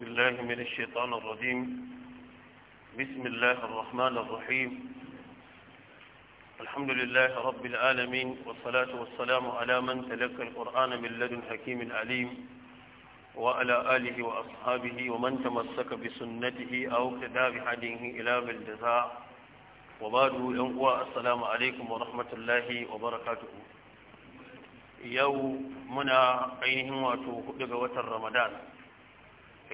بالله من الشيطان الرجيم بسم الله الرحمن الرحيم الحمد لله رب العالمين والصلاة والسلام على من تلقى القرآن من لدن حكيم عليم وعلى آله وأصحابه ومن تمسك بسنته أو كتاب بهديه إلى بالجزاء وبعد ينقوى السلام عليكم ورحمة الله وبركاته يوم منا عينهم وتر رمضان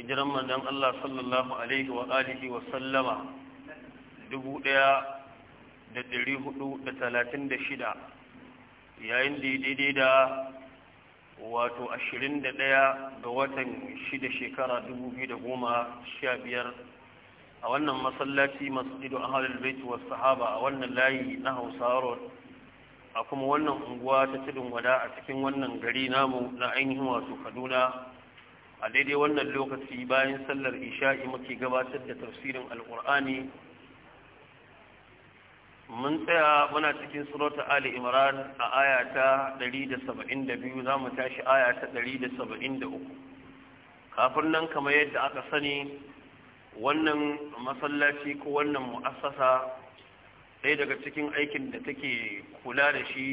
hijiran manzon Allah sallallahu alaihi wa alihi wa sallama 1436 yayin da daidai da wato 21 ga watan 6 shekara 2015 a wannan masallaci masjidu ahlul bait was sahaba a wannan layi na Hausawa, a kuma wannan unguwa ta tudun wada a cikin wannan gari namu na ainihin wato Kaduna a daidai wannan lokaci bayan sallar isha'i muke gabatar da tafsirin alkur'ani mun tsaya muna cikin surata ali imran a aya ta 172 za mu tashi aya ta 173 kafin nan kamar yadda aka sani wannan masallaci ko wannan mu'assasa ɗaya daga cikin aikin da take kula da shi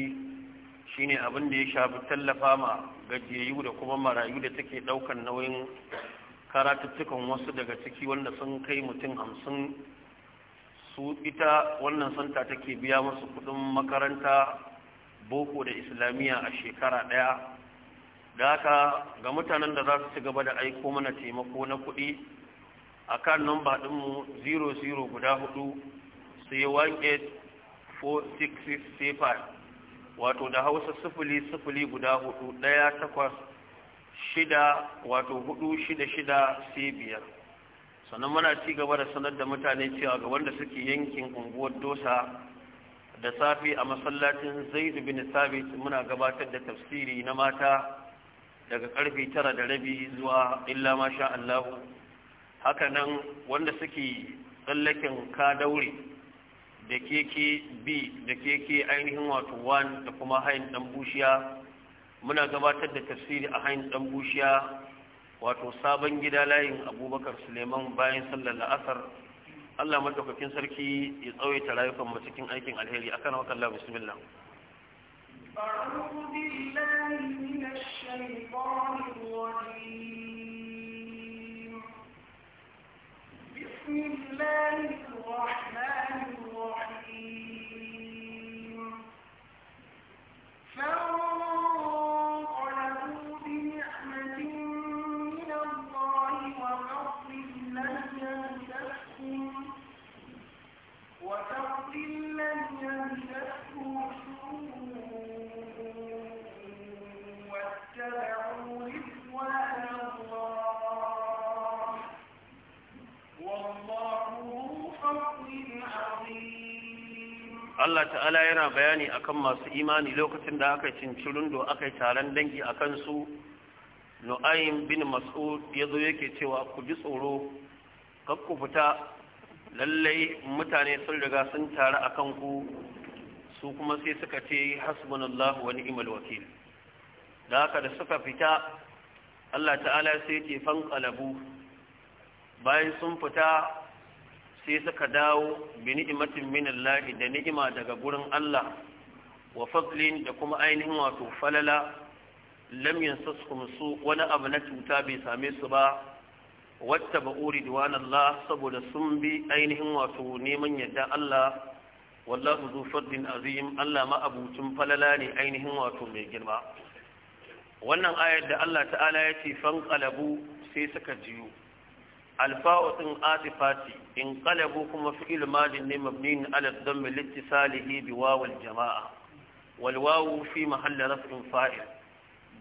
shine abin da ya shafi tallafa ma gajiyayyu da kuma marayu da take daukan nauyin karatuttukan wasu daga ciki wanda sun kai mutum hamsin su ita wannan santa take biya masu kudin makaranta boko da islamiyya a shekara daya da haka ga mutanen da za su ci gaba da aiko mana taimako na kuɗi a kan namba ɗinmu 00 guda 4 sai 18466 wato da hausa sifili sifili guda hudu daya takwas shida wato hudu shida shida sai biyar sannan muna ci gaba da sanar da mutane cewa ga wanda suke yankin unguwar dosa da safi a masallacin zaid bin sabit muna gabatar da tafsiri na mata daga karfe tara da rabi zuwa illa masha allahu hakanan wanda suke tsallakin ka daure da keke b da keke ainihin wato 1 da kuma hain dan bushiya muna gabatar da tafsiri a hain dan bushiya wato sabon gida layin abubakar suleiman bayan sallar la'asar allah madaukakin sarki ya tsawaita rayukan mu cikin aikin alheri akan haka allah bismillah بسم الله Allah ta'ala yana bayani akan masu imani lokacin da aka cincirun do aka yi taron dangi a kansu nu'ayin bin mas'ud ya zo yake cewa ku ji tsoro kar ku fita lallai mutane sun riga sun taru a kanku su kuma sai suka ce hasbunallahu wa ni'mal wakil da haka da suka fita Allah ta'ala sai ce fankalabu bayan sun fita sai suka dawo bi ni'imatin min Allah da ni'ima daga gurin Allah wa fadlin da kuma ainihin wato falala lam yansaskum su wani abu na cuta bai same su ba wata ba'u ridwan Allah saboda sun bi ainihin wato neman yadda Allah wallahu zu fadlin azim Allah ma abucin falala ne ainihin wato mai girma wannan ayar da Allah ta'ala ya ce fan qalabu sai suka jiyo alfa'u ɗin atifati in qalabu kuma fi'il madin ne mabni ala dhamm salihi bi wawal jamaa wal fi mahalli raf'in fa'il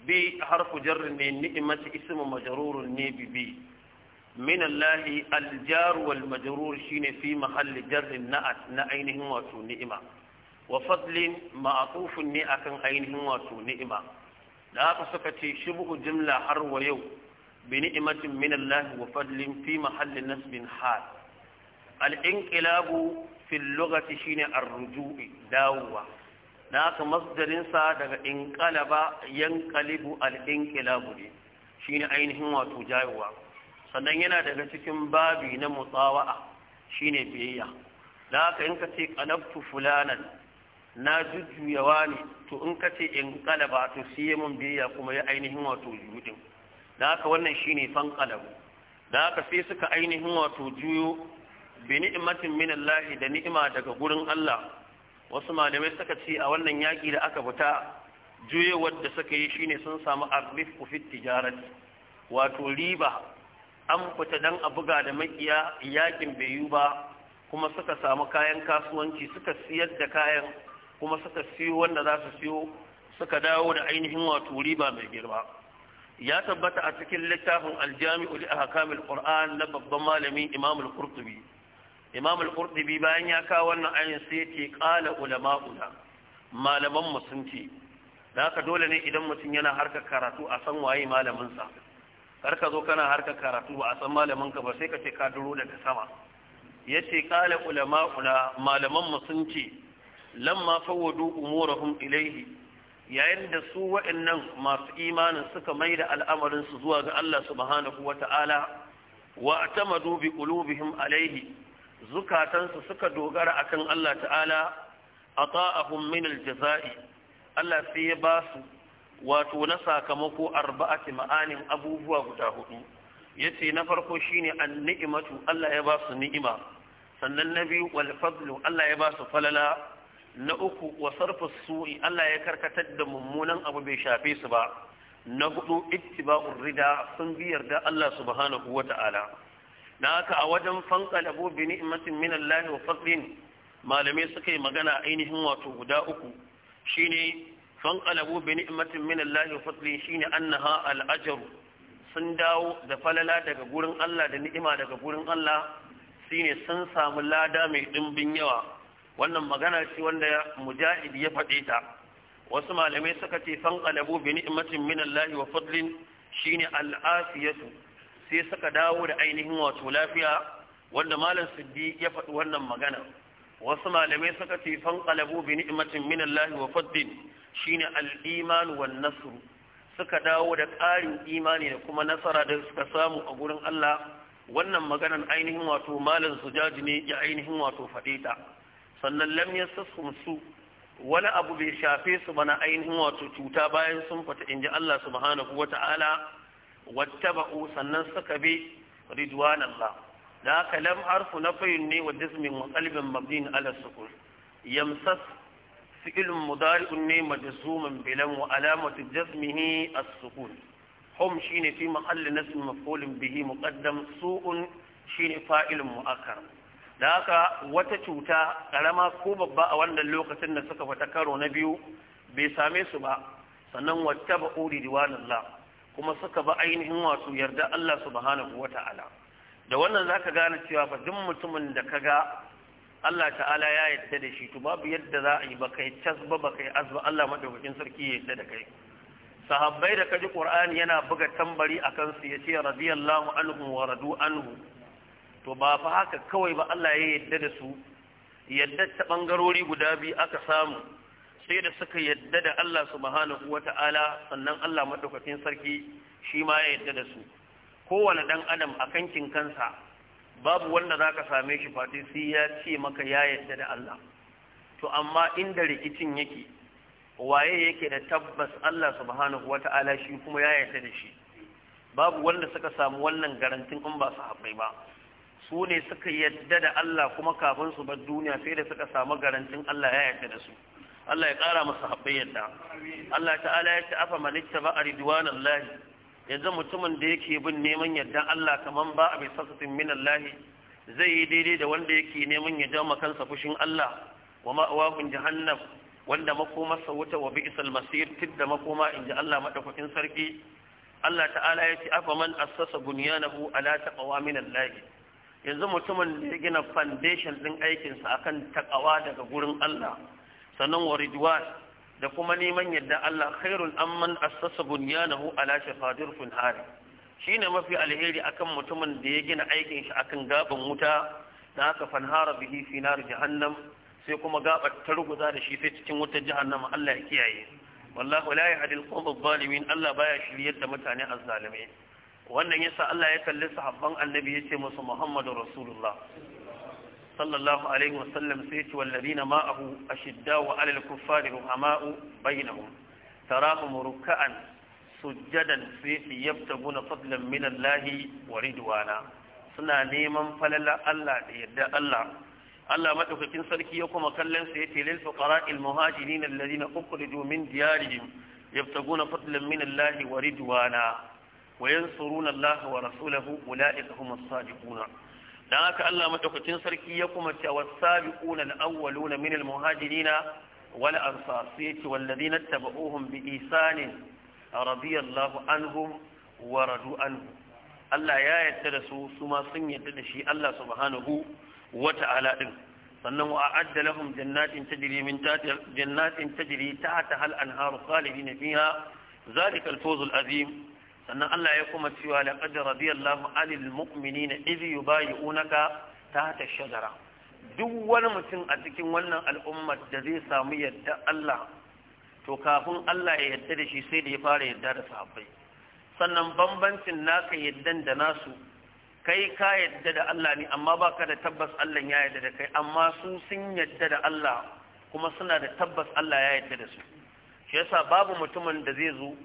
bi harfu jar ne ni'mati ismu majrur ne bi bi min Allah al jar wal majrur shine fi mahalli jar na ainihin wato ni'ima wa fadlin ma'atufun ne akan ainihin wato ni'ima da haka suka ce shibhu jumla har wa yau بنعمة من الله وفضل في محل نسب حال الانقلاب في اللغة شين الرجوع داوة ناك مصدر صادق انقلب ينقلب الانقلاب دي شين أينهم وتجاوة sannan yana daga cikin babi na mutsawa'a shine biyayya da haka in ka ce kanabtu fulanan na jujjuyawa ne to in ka ce in to siye mun biyayya kuma ya ainihin wato jujudin da haka wannan shi ne fanqalabu da haka sai suka ainihin wato juyo bi ni'imatin min Allah da ni'ima daga gurin Allah wasu malamai suka ce a wannan yaki da aka fita juyewar da suka yi shine sun samu arrifku fi tijarati wato riba an fita dan a buga da makiya yakin bai yi ba kuma suka samu kayan kasuwanci suka siyar da kayan kuma suka siyo wanda za su siyo suka dawo da ainihin wato riba mai girma ya tabbata a cikin littafin aljami'u li ahkamil qur'an na babban malami imam al-qurtubi imam al-qurtubi bayan ya kawo wannan ayin sai yace qala ulama'una malaman mu sun ce da haka dole ne idan mutum yana harka karatu a san waye malamin sa kar ka zo kana harka karatu ba a san malamin ka ba sai ka ce ka duro daga sama yace qala ulama'una malaman mu sun ce lamma fawwadu umurahum ilayhi yayin da su waɗannan masu imanin suka mai da al'amarinsu zuwa ga Allah subhanahu wa ta'ala wa a tamadu ƙulubihim alaihi zukatansu suka dogara a kan Allah ta'ala a ta'ahun min aljaza'i Allah sai ya ba su wato na sakamako arba'ati ma'anin abubuwa guda hudu ya ce na farko shine an ni'imatu Allah ya ba su ni'ima sannan na biyu wal fadlu Allah ya ba su falala na uku wa su Allah ya karkatar da mummunan abu bai shafe su ba na hudu ittiba'ur rida sun bi yarda Allah subhanahu wata'ala na haka a wajen fanqalabu bi ni'matin min Allah wa fadlin malamai suka yi magana ainihin wato guda uku shine fanqalabu bi ni'matin min Allah wa fadlin shine annaha al-ajr sun dawo da falala daga gurin Allah da ni'ima daga gurin Allah shine sun samu lada mai dimbin yawa wannan magana ce wanda mujahid ya faɗe ta wasu malamai suka ce san qalabu bi ni'matin min Allah wa fadlin shine al'afiyatu sai suka dawo da ainihin wato lafiya wanda malam siddi ya faɗi wannan magana wasu malamai suka ce san qalabu bi ni'matin min Allah wa fadlin shine al-iman wan nasr suka dawo da ƙarin imani da kuma nasara da suka samu a gurin Allah wannan maganan ainihin wato malam sujaji ne ya ainihin wato faɗe ta sannan lam yasassum su wani abu bai shafe su bana ainihin wato cuta bayan sun fata in ji Allah subhanahu wa ta'ala wattaba'u sannan suka bi ridwan Allah da haka lam harfu nafiyun ne wa jismin wa qalbin mabdin ala sukun yamsas fi'lun mudari'un ne majzuman bilan wa alamatu jazmihi as-sukun hum shine fi mahalli nasb maf'ulin bihi muqaddam su'un shine fa'ilun mu'akkar da haka wata cuta karama ko babba a wannan lokacin da suka fita karo na biyu bai same su ba sannan wata ba uri diwanallah kuma suka ba ainihin wasu yarda Allah subhanahu ta'ala. da wannan za ka gane cewa fa duk mutumin da ka ga Allah ta'ala ya yarda da shi to babu yadda za a yi ba kai cas ba kai azba Allah madaukakin sarki ya yarda da kai sahabbai da kaji qur'ani yana buga tambari akan su yace radiyallahu anhu wa radu anhu to ba fa haka kawai ba Allah ya yadda da su yadda ta bangarori guda biyu aka samu sai da suka yadda da Allah subhanahu wata'ala sannan Allah madaukakin sarki shi ma ya yadda da su kowane dan adam akan kin kansa babu wanda zaka same shi fati sai ya ce maka ya yadda da Allah to amma inda rikicin yake waye yake da tabbas Allah subhanahu wata'ala shi kuma ya yarda da shi babu wanda suka samu wannan garantin in ba su haɓai ba su ne suka yadda da Allah kuma kafin su bar duniya sai da suka samu garantin Allah ya yarda da su Allah ya ƙara masa haɓɓai yadda Allah ta'ala ya ta'afa manitta ba a ridwan Allah yanzu mutumin da yake bin neman yadda Allah kaman ba a bai sassatin min lahi. zai yi daidai da wanda yake neman ya jama kansa fushin Allah wa ma'awahun jahannam wanda makomarsa wuta wa bi'sal masir tidda makoma inji Allah madaukakin sarki Allah ta'ala ya ce afa man assasa bunyanahu ala taqwa min lahi. yanzu mutumin da ya gina foundation din aikinsa akan takawa daga gurin Allah sannan wa ridwan da kuma neman yadda Allah Khairul amman assasa bunyanahu ala shafadir funhari shine mafi alheri akan mutumin da ya gina aikin shi akan gaban wuta da haka fanhara bihi fi nar jahannam sai kuma gabar targuza da shi sai cikin wutar jahannam Allah ya kiyaye wallahu la yahdi al-qawm adh-dhalimin Allah baya shiryar da mutane azzalime wannan yasa Allah ya kalli sahabban annabi ya ce musu Muhammadu Rasulullah sallallahu alaihi wasallam sai ce wallazina ma'ahu ashiddaw 'alal kuffari ruhama'u bainahum tarahum ruk'an sujjadan fi yabtaguna fadlan min Allah wa ridwana suna neman falala Allah da yadda Allah Allah madaukakin sarki ya kuma kallon sa yace lil fuqara'il muhajirin alladhina ukhriju min diyarihim yabtaguna fadlan min Allah wa ridwana wa yansuruna Allah wa rasulahu ulaika humus sadiquna dan haka Allah madaukakin sarki ya kuma ce was-sabiquna al-awwaluna min al-muhajirina wal ansar sai ce walladina tabauhum bi ihsanin radiyallahu anhum wa radu Allah ya yarda da su su ma yarda da shi Allah subhanahu wa ta'ala din sannan wa a'adda lahum jannatin tajiri min tahtiha jannatin tajri tahtaha al-anharu khalidina fiha zalika al-fawz sannan Allah ya kuma cewa laqad radiyallahu anil mu'minina idh yubayyi'unaka tahta shajara duk wani mutum a cikin wannan al'ummar da zai samu yadda Allah to kafin Allah ya yadda da shi sai da ya fara yadda da sahabbai sannan bambancin naka yaddan da nasu kai ka yadda da Allah ne amma baka da tabbas Allah ya yadda da kai amma su sun yadda da Allah kuma suna da tabbas Allah ya yadda da su shi yasa babu mutumin da zai zo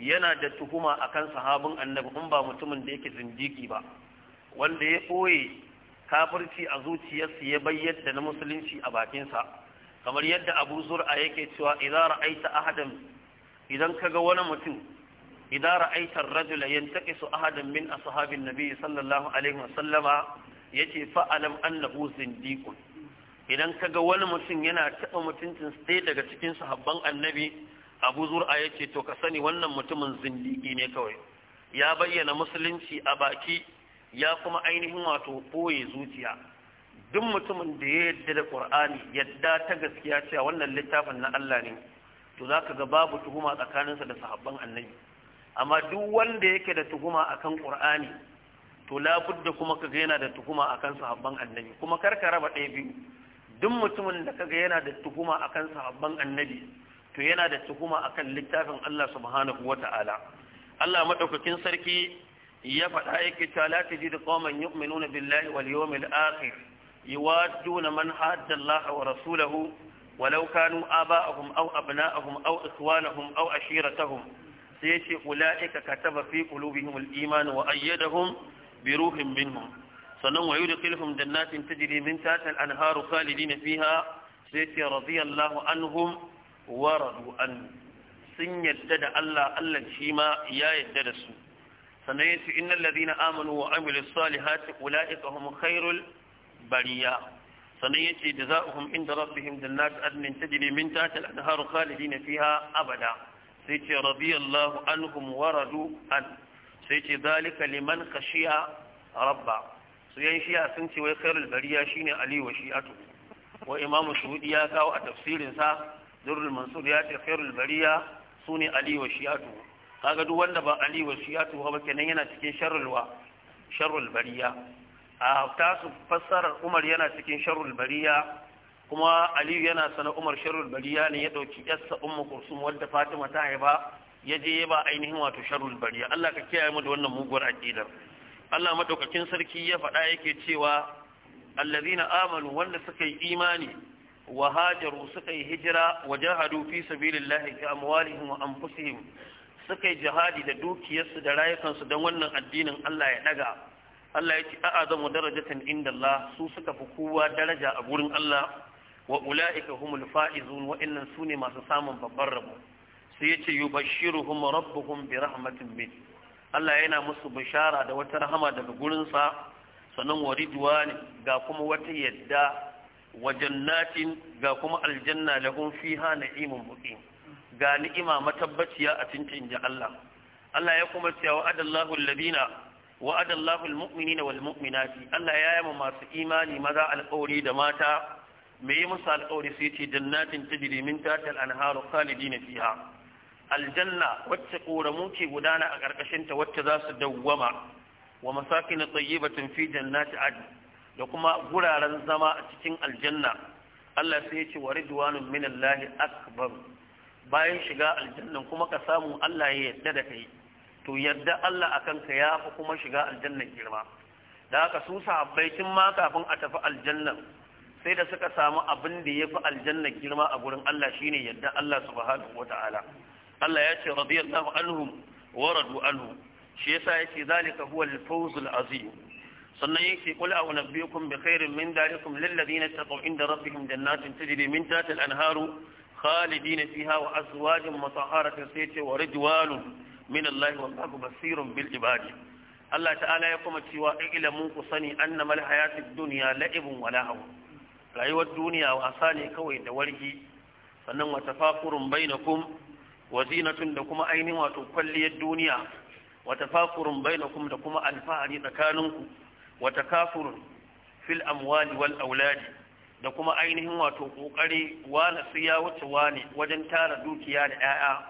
yana da tuhuma kan sahabin annabi in ba mutumin da yake zindiki ba wanda ya ɓoye kafirci a zuciyarsa ya bayyada na musulunci a bakinsa kamar yadda abu zur'a yake cewa idan ra'aita ahadan idan kaga wani mutum idan ra'aita rajula yantaqisu ahadan min ashabin nabi sallallahu alaihi wasallama yace fa alam annahu zindiqun idan kaga wani mutum yana taɓa mutuncin sai daga cikin sahabban annabi abu zur'a ya ce to ka sani wannan mutumin zindiki ne kawai ya bayyana musulunci a baki ya kuma ainihin wato ɓoye zuciya duk mutumin da ya yarda da ƙur'ani yadda ta gaskiya cewa wannan littafin na Allah ne to za ka ga babu tuhuma tsakaninsa da sahabban annabi amma duk wanda yake da tuhuma akan ƙur'ani to labudda kuma kaga yana da tuhuma akan sahabban annabi kuma ka raba ɗaya biyu duk mutumin da ga yana da tuhuma akan sahabban annabi to yana da tuhuma akan littafin Allah subhanahu wata'ala Allah madaukakin sarki ya faɗa yake ta la tajidu qauman yu'minuna billahi wal yawmil akhir yuwadduna man hadda Allah wa rasulahu ولو كانوا آباءهم أو أبناءهم أو إخوانهم أو عشيرتهم سيشي أولئك كتب في قلوبهم الإيمان وأيدهم بروح منهم sannan wa yudkhiluhum jannatin tajri min tahtiha al-anharu khalidina fiha sayyati radiyallahu anhum waradu an sun yadda da Allah Allah shi ma ya yadda da su sannan yace innal ladina amanu wa amilus salihati ulaika hum khairul bariya sannan yace jazaohum inda rabbihim jannat ta tajri min tahtiha al-anharu khalidina fiha abada sai ce radiyallahu anhum waradu an sai ce zalika liman kashiya, rabba su yan shiya sun ce wai khairul bariya shine ali wa shi'atu wa imamu shuhudi ya kawo a tafsirinsa durrul mansur ya ce khairul bariya sune ali wa shiyatu kaga duk wanda ba ali wa shiyatu ba kenan yana cikin sharrul wa sharrul bariya a tasu fassarar umar yana cikin sharrul bariya kuma ali yana sana umar sharrul bariya ne ya dauki yassa ummu kursum wanda fatima ta haifa ya je ya ba ainihin wato sharrul bariya Allah ka kiyaye mu da wannan muguwar aqidar Allah madaukakin sarki ya faɗa yake cewa allazina amanu wanda suka yi imani wa hajaru suka yi hijira wajen hadufi fi sabilillahi bi amwalihim wa anfusihim suka jihadi da dukiyarsu da rayukansu don wannan addinin Allah ya daga Allah ya ce a'azamu darajatan inda Allah su suka fi kowa daraja a gurin Allah wa ula'ika humul fa'izun wa'annan su ne masu samun babbar rabo Su ya ce yubashiruhum rabbuhum bi rahmatin min Allah yana musu bishara da wata rahama daga gurinsa sannan wa ridwani ga kuma wata yadda wa ga kuma aljanna lahum fiha na'imun muqim ga ni'ima matabbaciya a cikin ji Allah Allah ya kuma cewa wa'adallahu alladina wa'adallahu almu'minina wal Allah ya yi masu imani maza alƙawari da mata me yi musu alƙawari sai ce jannatin tajri min tahtiha al-anharu khalidina fiha aljanna wacce koramu ke gudana a ƙarƙashin ta wacce za su dawwama wa masakin tayyibatin fi jannati adn da kuma guraren zama a cikin aljanna Allah sai ya ce wa ridwanun minallahi akbar bayan shiga aljannan kuma ka samu Allah ya yadda da kai to yadda Allah akan ka ya fi kuma shiga aljannan girma da haka su sahabbai tun ma kafin a tafi aljannan sai da suka samu abin da ya fi aljannan girma a gurin Allah shine yarda Allah subhanahu wataala Allah ya ce radiyallahu anhum wa radu anhu shi yasa yace zalika huwa al-fawzul azim sannan yake kula a unabbiukum bi khairin min dalikum lil da taqaw inda rabbihim jannatin tajri min tahtiha al anharu khalidina fiha wa azwajun mutahharatun sayati wa rijwalun min Allah wallahu basirun bil ibadi Allah ta'ala ya kuma cewa ilamun ku sani annamal Hayati Duniya, la'ibun wala rayuwar duniya wasa ne kawai da warki sannan wa tafakurun bainakum wa zinatun da kuma ainihin wato kwalliyar duniya wa tafakurun bainakum da kuma alfahari tsakaninku Wata takafur fil amwali wal auladi da kuma ainihin wato kokari wala su ya wuce wani wajen tara dukiya da 'ya'ya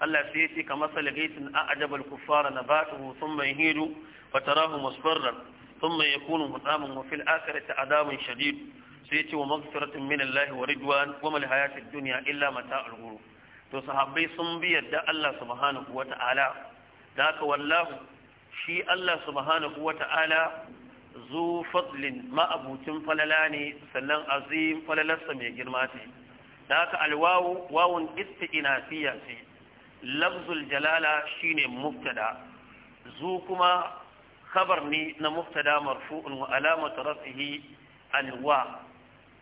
Allah sai yace kamar salgaitin a'jabal kuffara nabatuhu thumma yahidu fatarahu musfarran thumma yakunu mutaman wa fil akhirati adabun shadid sai yace wa magfiratun min Allah wa ridwan wa mal hayatid dunya illa mata'ul ghurur to sahabbai sun bi yadda Allah subhanahu ta'ala da ka wallahu shi Allah subhanahu ta'ala. zu fadlin ma'abucin falala ne sannan azim falalarsa mai girma ce da haka alwawu wawun istiqinafiya ce lafzul jalala shine mubtada zu kuma khabar ne na mubtada marfu'un wa alamatu rafihi alwa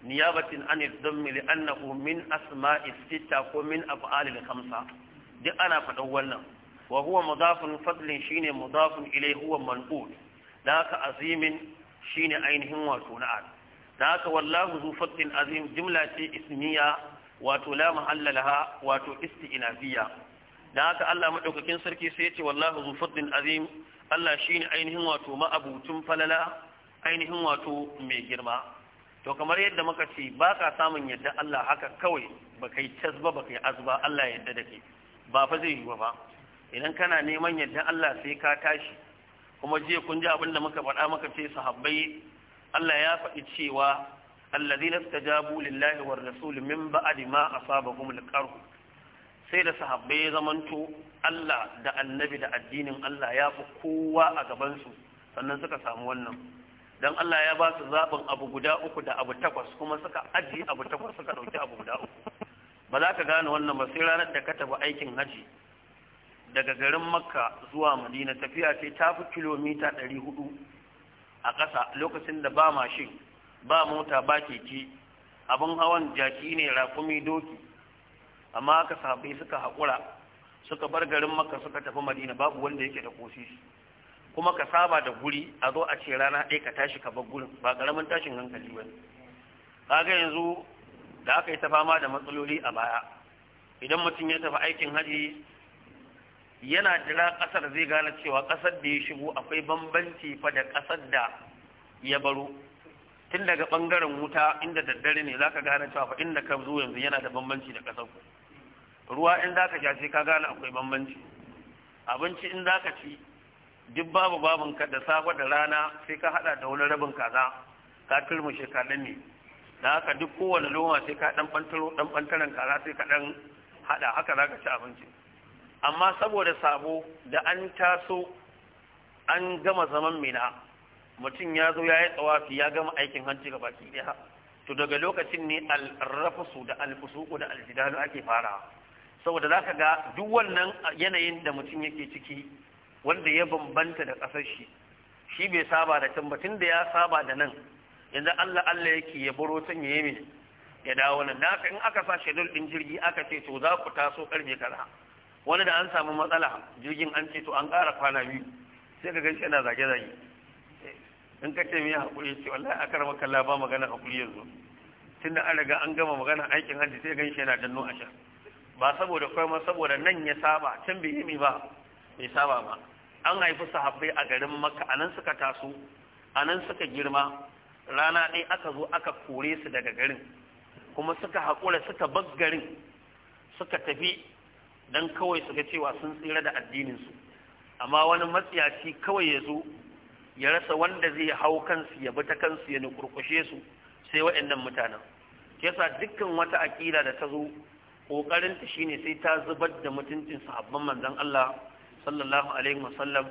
niyabatin an dhamm li annahu min asma'i sitta ko min af'alil khamsa duk ana faɗan wannan wa huwa mudafun fadlin shine mudafun ilayhi huwa manqul da azimin shine ainihin wato na'at da haka wallahu azim jimla ce ismiya wato la mahalla laha wato isti'nafiya da haka Allah maɗaukakin sarki sai ya ce wallahu zu fattin azim Allah shine ainihin wato ma'abutun falala ainihin wato mai girma to kamar yadda muka ce ba ka samun yadda Allah haka kawai ba kai casba ba kai azba Allah yadda da ke zai yi ba idan kana neman yadda Allah sai ka tashi kuma jiya kun ji abin da muka faɗa maka ce sahabbai Allah ya faɗi cewa alladhina istajabu lillahi war rasul min ba'di ma asabahum al-qarh sai da sahabbai ya zamanto Allah da annabi da addinin Allah ya fi kowa a gaban su sannan suka samu wannan dan Allah ya ba su zaɓin abu guda uku da abu takwas kuma suka ajiye abu takwas suka ɗauki abu guda uku ba za ka gane wannan ba sai ranar da ka tafi aikin haji daga garin makka zuwa madina tafiya ce ta fi kilomita 400 a ƙasa lokacin da ba mashin ba mota ba keke abin hawan jaki ne rakumi doki amma aka sabai suka haƙura suka bar garin makka suka tafi madina babu wanda yake da kosi kuma ka saba da guri a zo a ce rana ɗaya ka tashi ka bar gurin ba ƙaramin tashin hankali ba kaga yanzu da aka yi ta fama da matsaloli a baya idan mutum ya tafi aikin haji yana jira ƙasar zai gane cewa ƙasar da ya shigo akwai bambanci fa da ƙasar da ya baro tun daga ɓangaren wuta inda daddare ne zaka gane cewa fa inda ka zo yanzu yana da bambanci da ƙasar ku ruwa in zaka sha sai ka gane akwai bambanci abinci in zaka ci duk babu babun ka da safa da rana sai ka hada da wani rabin kaza ka turmi shekarun ne da haka duk kowane loma sai ka dan bantaro dan bantaran kaza sai ka dan hada haka zaka ci abinci amma saboda sabo da an taso an gama zaman mina mutum ya zo ya yi tsawafi ya gama aikin hanci ga baki ɗaya to daga lokacin ne alrafusu da alfusuku da aljidalu ake fara saboda za ka ga duk wannan yanayin da mutum yake ciki wanda ya bambanta da ƙasar shi shi bai saba da can batun da ya saba da nan yanzu allah allah yake ya baro can ya yi ya dawo nan da in aka sa shedul ɗin jirgi aka ce to za ku taso karfe kaza wani da an samu matsala jirgin an ce to an ƙara kwana biyu sai ka ganshi yana zage-zage in ka ce mai haƙuri ce wallahi a karama kalla ba magana haƙuri yanzu tun da an riga an gama magana aikin hajji sai ganshi yana danno a sha ba saboda kwai saboda nan ya saba can bai yi ba bai saba ba an haifi sahabbai a garin makka a nan suka taso a nan suka girma rana ɗaya aka zo aka kore su daga garin kuma suka haƙura suka bar garin suka tafi dan kawai suka cewa sun tsira da addinin su amma wani matsiyaci kawai ya zo ya rasa wanda zai hau kansu ya bi ta kansu ya nukurkushe su sai waɗannan mutanen yasa dukkan wata aƙida da ta zo ƙoƙarinta shine sai ta zubar da mutuncin sahabban manzon Allah sallallahu alaihi wasallam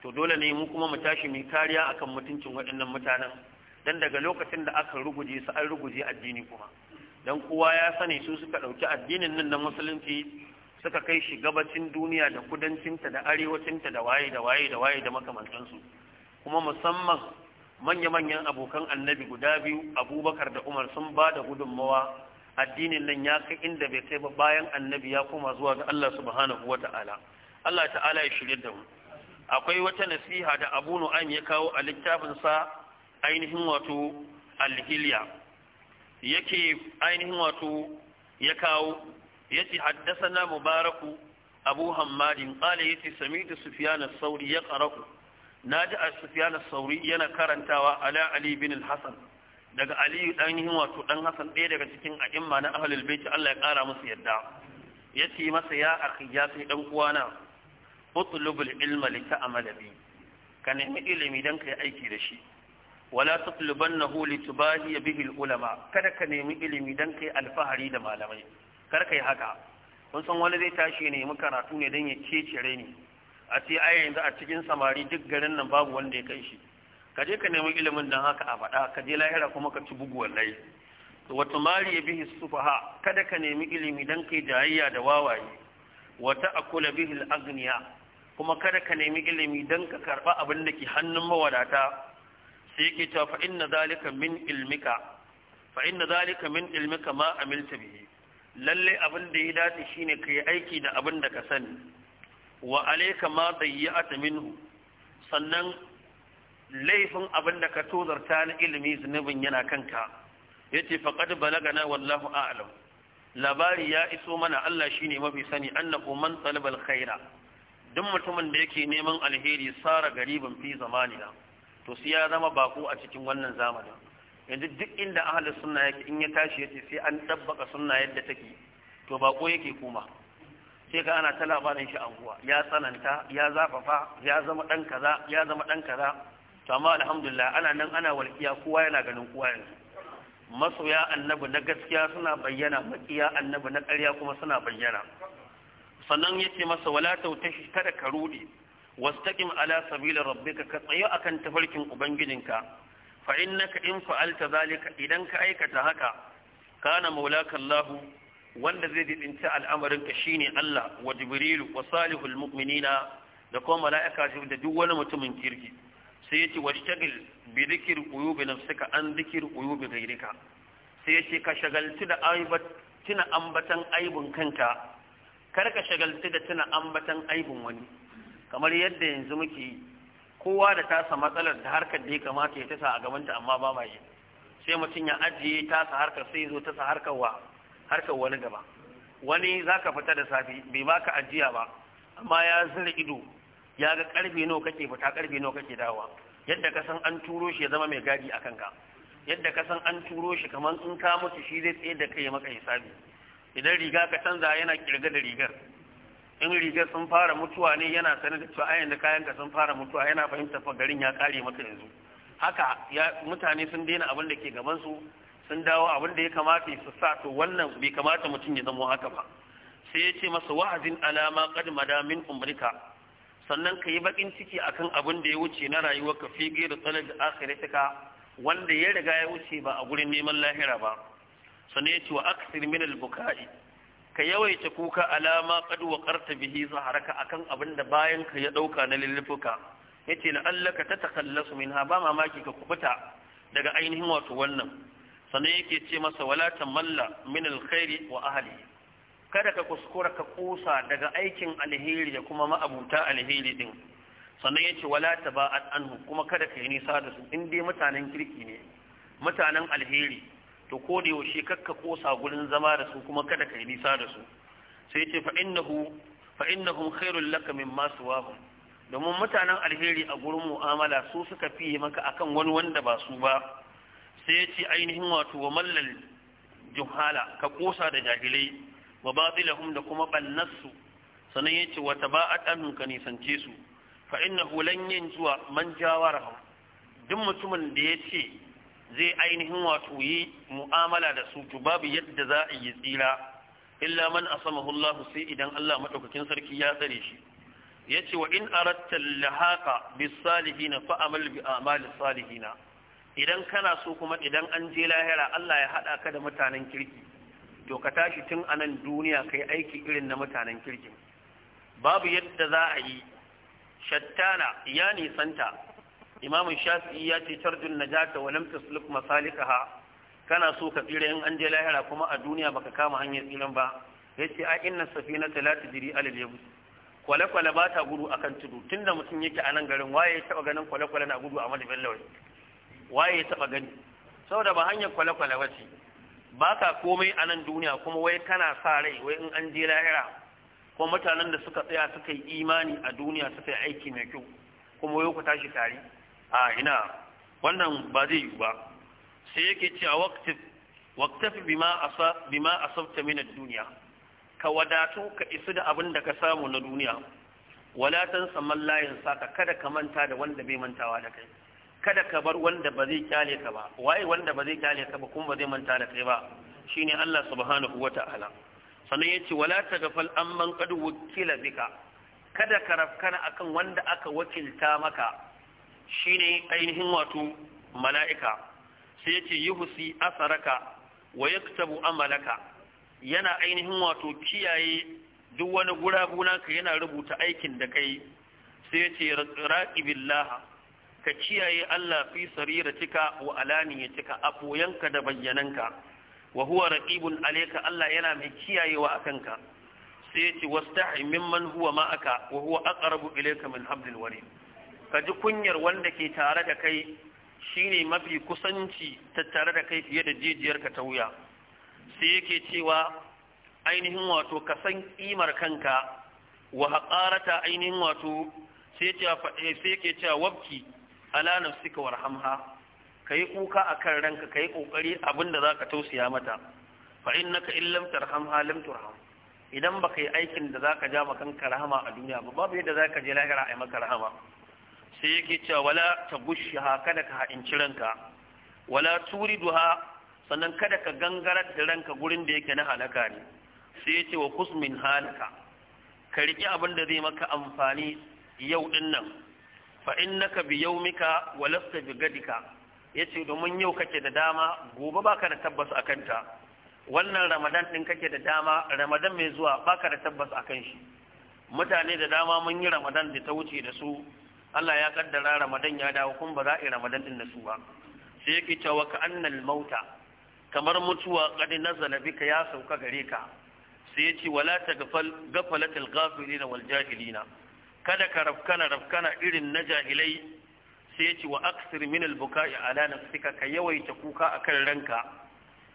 to dole ne mu kuma mu tashi mu kariya akan mutuncin waɗannan mutanen dan daga lokacin da aka ruguje su an ruguje addini kuma dan kowa ya sani su suka ɗauki addinin nan na musulunci suka kai shi gabacin duniya da kudancinta da arewacinta da waye da waye da waye da makamantansu kuma musamman manya-manyan abokan annabi guda biyu abubakar da umar sun ba da gudunmawa addinin nan ya kai inda bai kai ba bayan annabi ya koma zuwa ga allah subhanahu wa ta'ala allah ta'ala ya shirya da mu akwai wata nasiha da abu nu'aym ya kawo a littafinsa ainihin wato alhiliya yake ainihin wato ya kawo yace haddathana mubaraku abu hammadin qala yace sami'tu sufyan as-sauri yaqra'u naji as-sufyan as-sauri yana karantawa ala ali bin al-hasan daga ali dan wato dan hasan ɗaya daga cikin a'imma na ahlul bait Allah ya kara musu yadda yace masa ya akhi ya kai dan uwana utlubul ilma lita'amala bi ka nemi ilimi dan kai aiki da shi wala tatlubannahu litubahi bihi al-ulama kada ka nemi ilimi dan kai alfahari da malamai kar yi haka kun san wani zai tashi ne mu karatu ne dan ya kecere ni a ce ai yanzu a cikin samari duk garin nan babu wanda ya kai shi ka je ka nemi ilimin dan haka a faɗa ka je lahira kuma ka ci bugu wallahi wata mari ya bihi sufaha kada ka nemi ilimi dan kai jayayya da wawaye wata akula bihi agniya kuma kada ka nemi ilimi dan ka karba abin da ke hannun mawadata sai ke ta fa inna zalika min ilmika fa inna zalika min ilmika ma amilta bihi lalle abin da ya dace shine kai aiki da abin da ka sani wa alayka ma dayya'ata minhu sannan laifin abin da ka tozarta na ilimi zunubin yana kanka yace faqad balagana wallahu a'lam labari ya iso mana Allah shine mafi sani annahu man talaba alkhaira duk mutumin da yake neman alheri sara gariban fi zamanina to sai ya zama bako a cikin wannan zamanin yanzu duk inda ahli sunna yake in ya tashi ce sai an dabbaka sunna yadda take to bako yake kuma sai ga ana ta labarin shi anguwa ya tsananta ya zafafa ya zama dan kaza ya zama dan kaza to amma alhamdulillah ana nan ana walƙiya kowa yana ganin kowa yanzu masoya annabi na gaskiya suna bayyana maƙiya annabi na ƙarya kuma suna bayyana sannan yace masa wala tautashi kada ka rude wastaqim ala sabili rabbika ka tsayo akan tafarkin ubangijinka fa innaka in fa'alta zalika idan ka aikata haka kana maulakan Allah wanda zai didinta al'amarin ka ne Allah wa jibrilu wa salihul mu'minina da kuma mala'ika da duk wani mutumin kirki sai ce yace washtagil bi dhikri uyubi nafsika an dhikri uyubi ghayrika sai ce ka shagaltu da tuna ambatan aibun kanka kar ka shagaltu da tuna ambatan aibun wani kamar yadda yanzu muke kowa da tasa matsalar da harkar da ya kamata ya tasa a gabanta amma ba ma yi sai mutum ya ajiye tasa harkar sai zo tasa harkar wani gaba wani za ka fita da safi bai ba ka ajiya ba amma ya zira ido ya ga karfe nawa kake fita karfe nawa kake dawa yadda ka san an turo shi ya zama mai gadi a kanka yadda ka san an turo shi kamar in ka mutu shi zai tsaye da kai maka hisabi idan riga ka canza yana kirga da rigar in rigar sun fara mutuwa ne yana sanar da cewa ayyanda kayanka sun fara mutuwa yana fahimta fa garin ya kare maka yanzu haka ya mutane sun daina abin da ke gaban su sun dawo abin da ya kamata su sa to wannan bai kamata mutum ya zama haka ba sai ya ce masa wa'azin alama qad madamin umrika sannan ka yi bakin ciki akan abin da ya wuce na rayuwar ka fi gairu tsalar da akhiratika wanda ya riga ya wuce ba a gurin neman lahira ba sannan ya ce wa aksir min al-bukai ka yawaita kuka alama qad waqarta bihi zaharaka akan abin da bayan ka ya dauka na lillifuka yace la'allaka tatakallasu minha ba mamaki ka kubuta daga ainihin wato wannan sannan yake ce masa wala tamalla min alkhairi wa ahlihi kada ka kuskura ka kusa daga aikin alheri da kuma ma'abuta alheri din sannan ya ce wala ta ba'at anhu kuma kada ka yi nisa da su in dai mutanen kirki ne mutanen alheri to ko da yaushe kakka kosa gurin zama da su kuma kada ka yi nisa da su sai ce fa innahu fa innahum khairul laka ma suwahum domin mutanen alheri a gurin mu'amala su suka fiye maka akan wani wanda ba su ba sai ya ce ainihin wato wa mallal juhala ka kosa da jahilai wa batilahum da kuma bannassu Sanan ya ce wa taba'atan ka nisance su fa innahu lan yanzuwa man jawarahum duk mutumin da ya ce zai ainihin wato yi mu'amala da su to babu yadda za a yi tsira illa man asamahu Allah sai idan Allah madaukakin sarki ya tsare shi yace wa in aratta lahaqa bis salihin fa amal bi amali salihin idan kana so kuma idan an je lahira Allah ya hada ka da mutanen kirki to ka tashi tun anan duniya kai aiki irin na mutanen kirki babu yadda za a yi shattana ya nisanta imamu shafi'i ya ce tarjun najata wa lam tasluk masalikaha kana so ka tsira in an je lahira kuma a duniya baka kama hanyar tsiran ba yace a inna safinata la tajri alal yabs kwale kwale ba ta gudu akan tudu tunda mutum yake a nan garin waye ya taba ganin kwale kwale na gudu a madabin lawai waye ya taba gani saboda ba hanyar kwale kwale ba ce ba ka komai a nan duniya kuma wai kana sa rai wai in an je lahira Kuma mutanen da suka tsaya suka yi imani a duniya suka yi aiki mai kyau kuma wai ku tashi tare a ina wannan ba zai yi ba sai yake ce a waktafi asa bima a sabta mina duniya ka wadatu ka isu da abin da ka samu na duniya wala saman layin saka kada ka manta da wanda bai mantawa da kai kada ka bar wanda ba zai kyale ka ba waye wanda ba zai kyale ka ba kuma ba zai manta da kai ba shine Allah subhanahu ta'ala sannan ce wala taghfal amman qad wakila bika kada ka rafkana akan wanda aka wakilta maka shine ainihin wato mala'ika sai yace yuhsi asaraka wa yaktabu amalaka yana ainihin wato kiyaye duk wani gurabu naka yana rubuta aikin da kai sai ce raqibillah ka kiyaye Allah fi cika, wa alaniyatika afoyanka da bayyananka wa huwa alaika Allah yana mai kiyayewa kanka. sai yace wastahi mimman huwa ma'aka wa huwa aqrabu ilayka min hablil ka ji kunyar wanda ke tare da kai shine mafi kusanci ta tare da kai fiye da jijiyarka ta wuya sai yake cewa ainihin wato ka san kimar kanka wa haƙarata ainihin wato eh, sai yake cewa wabki ala nafsika warhamha ka yi kuka a ranka ka yi ƙoƙari abin da za ka tausaya mata fa innaka illam tarham halim turham idan baka yi aikin da za ka ja ma kanka rahama a duniya ba babu yadda za ka je lahira a yi maka rahama sai yake cewa wala ta ha kada ka haɗinci ciranka. wala turi duha, sannan kada ka gangarar da ranka gurin da yake na halaka ne sai yake wa kusmin halaka ka riƙi abin da zai maka amfani yau din nan fa in naka bi yawmika wa lasta bi gadika yace domin yau kake da dama gobe baka da tabbas a kanta. wannan ramadan ɗin kake da dama ramadan mai zuwa baka da tabbas kan shi mutane da dama mun yi ramadan da ta wuce da su Allah ya kaddara Ramadan ya dawo kun ba za a Ramadan din da su ba sai yake cewa ka annal mauta kamar mutuwa qad nazala bika ya sauka gare ka sai yace wala taghfal ghafalatil ghafilina wal jahilina kada ka rafkana rafkana irin na jahilai sai yace wa aksir min al buka'i ala nafsika ka yawaita kuka akan ranka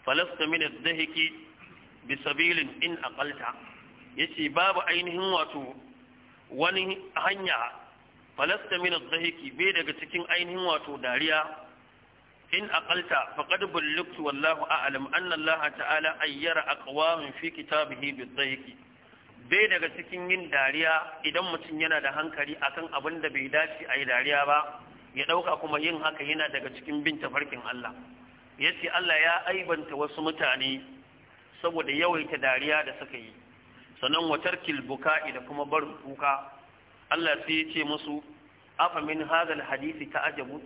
falasta min adh-dhahiki bi sabilin in aqalta yace babu ainihin wato wani hanya falasta min adh-dhahiki bai daga cikin ainihin wato dariya in aqalta faqad bulligtu wallahu a'lam anna Allah ta'ala ayyara aqwamin fi kitabihi bidh-dhahiki bai daga cikin yin dariya idan mutum yana da hankali akan abin da bai dace a yi dariya ba ya ɗauka kuma yin haka yana daga cikin bin tafarkin Allah ya ce Allah ya aibanta wasu mutane saboda yawaita dariya da suka yi sannan watar kilbuka da kuma barin kuka Allah sai ya ce musu afa min hadal hadisi ta ajabu.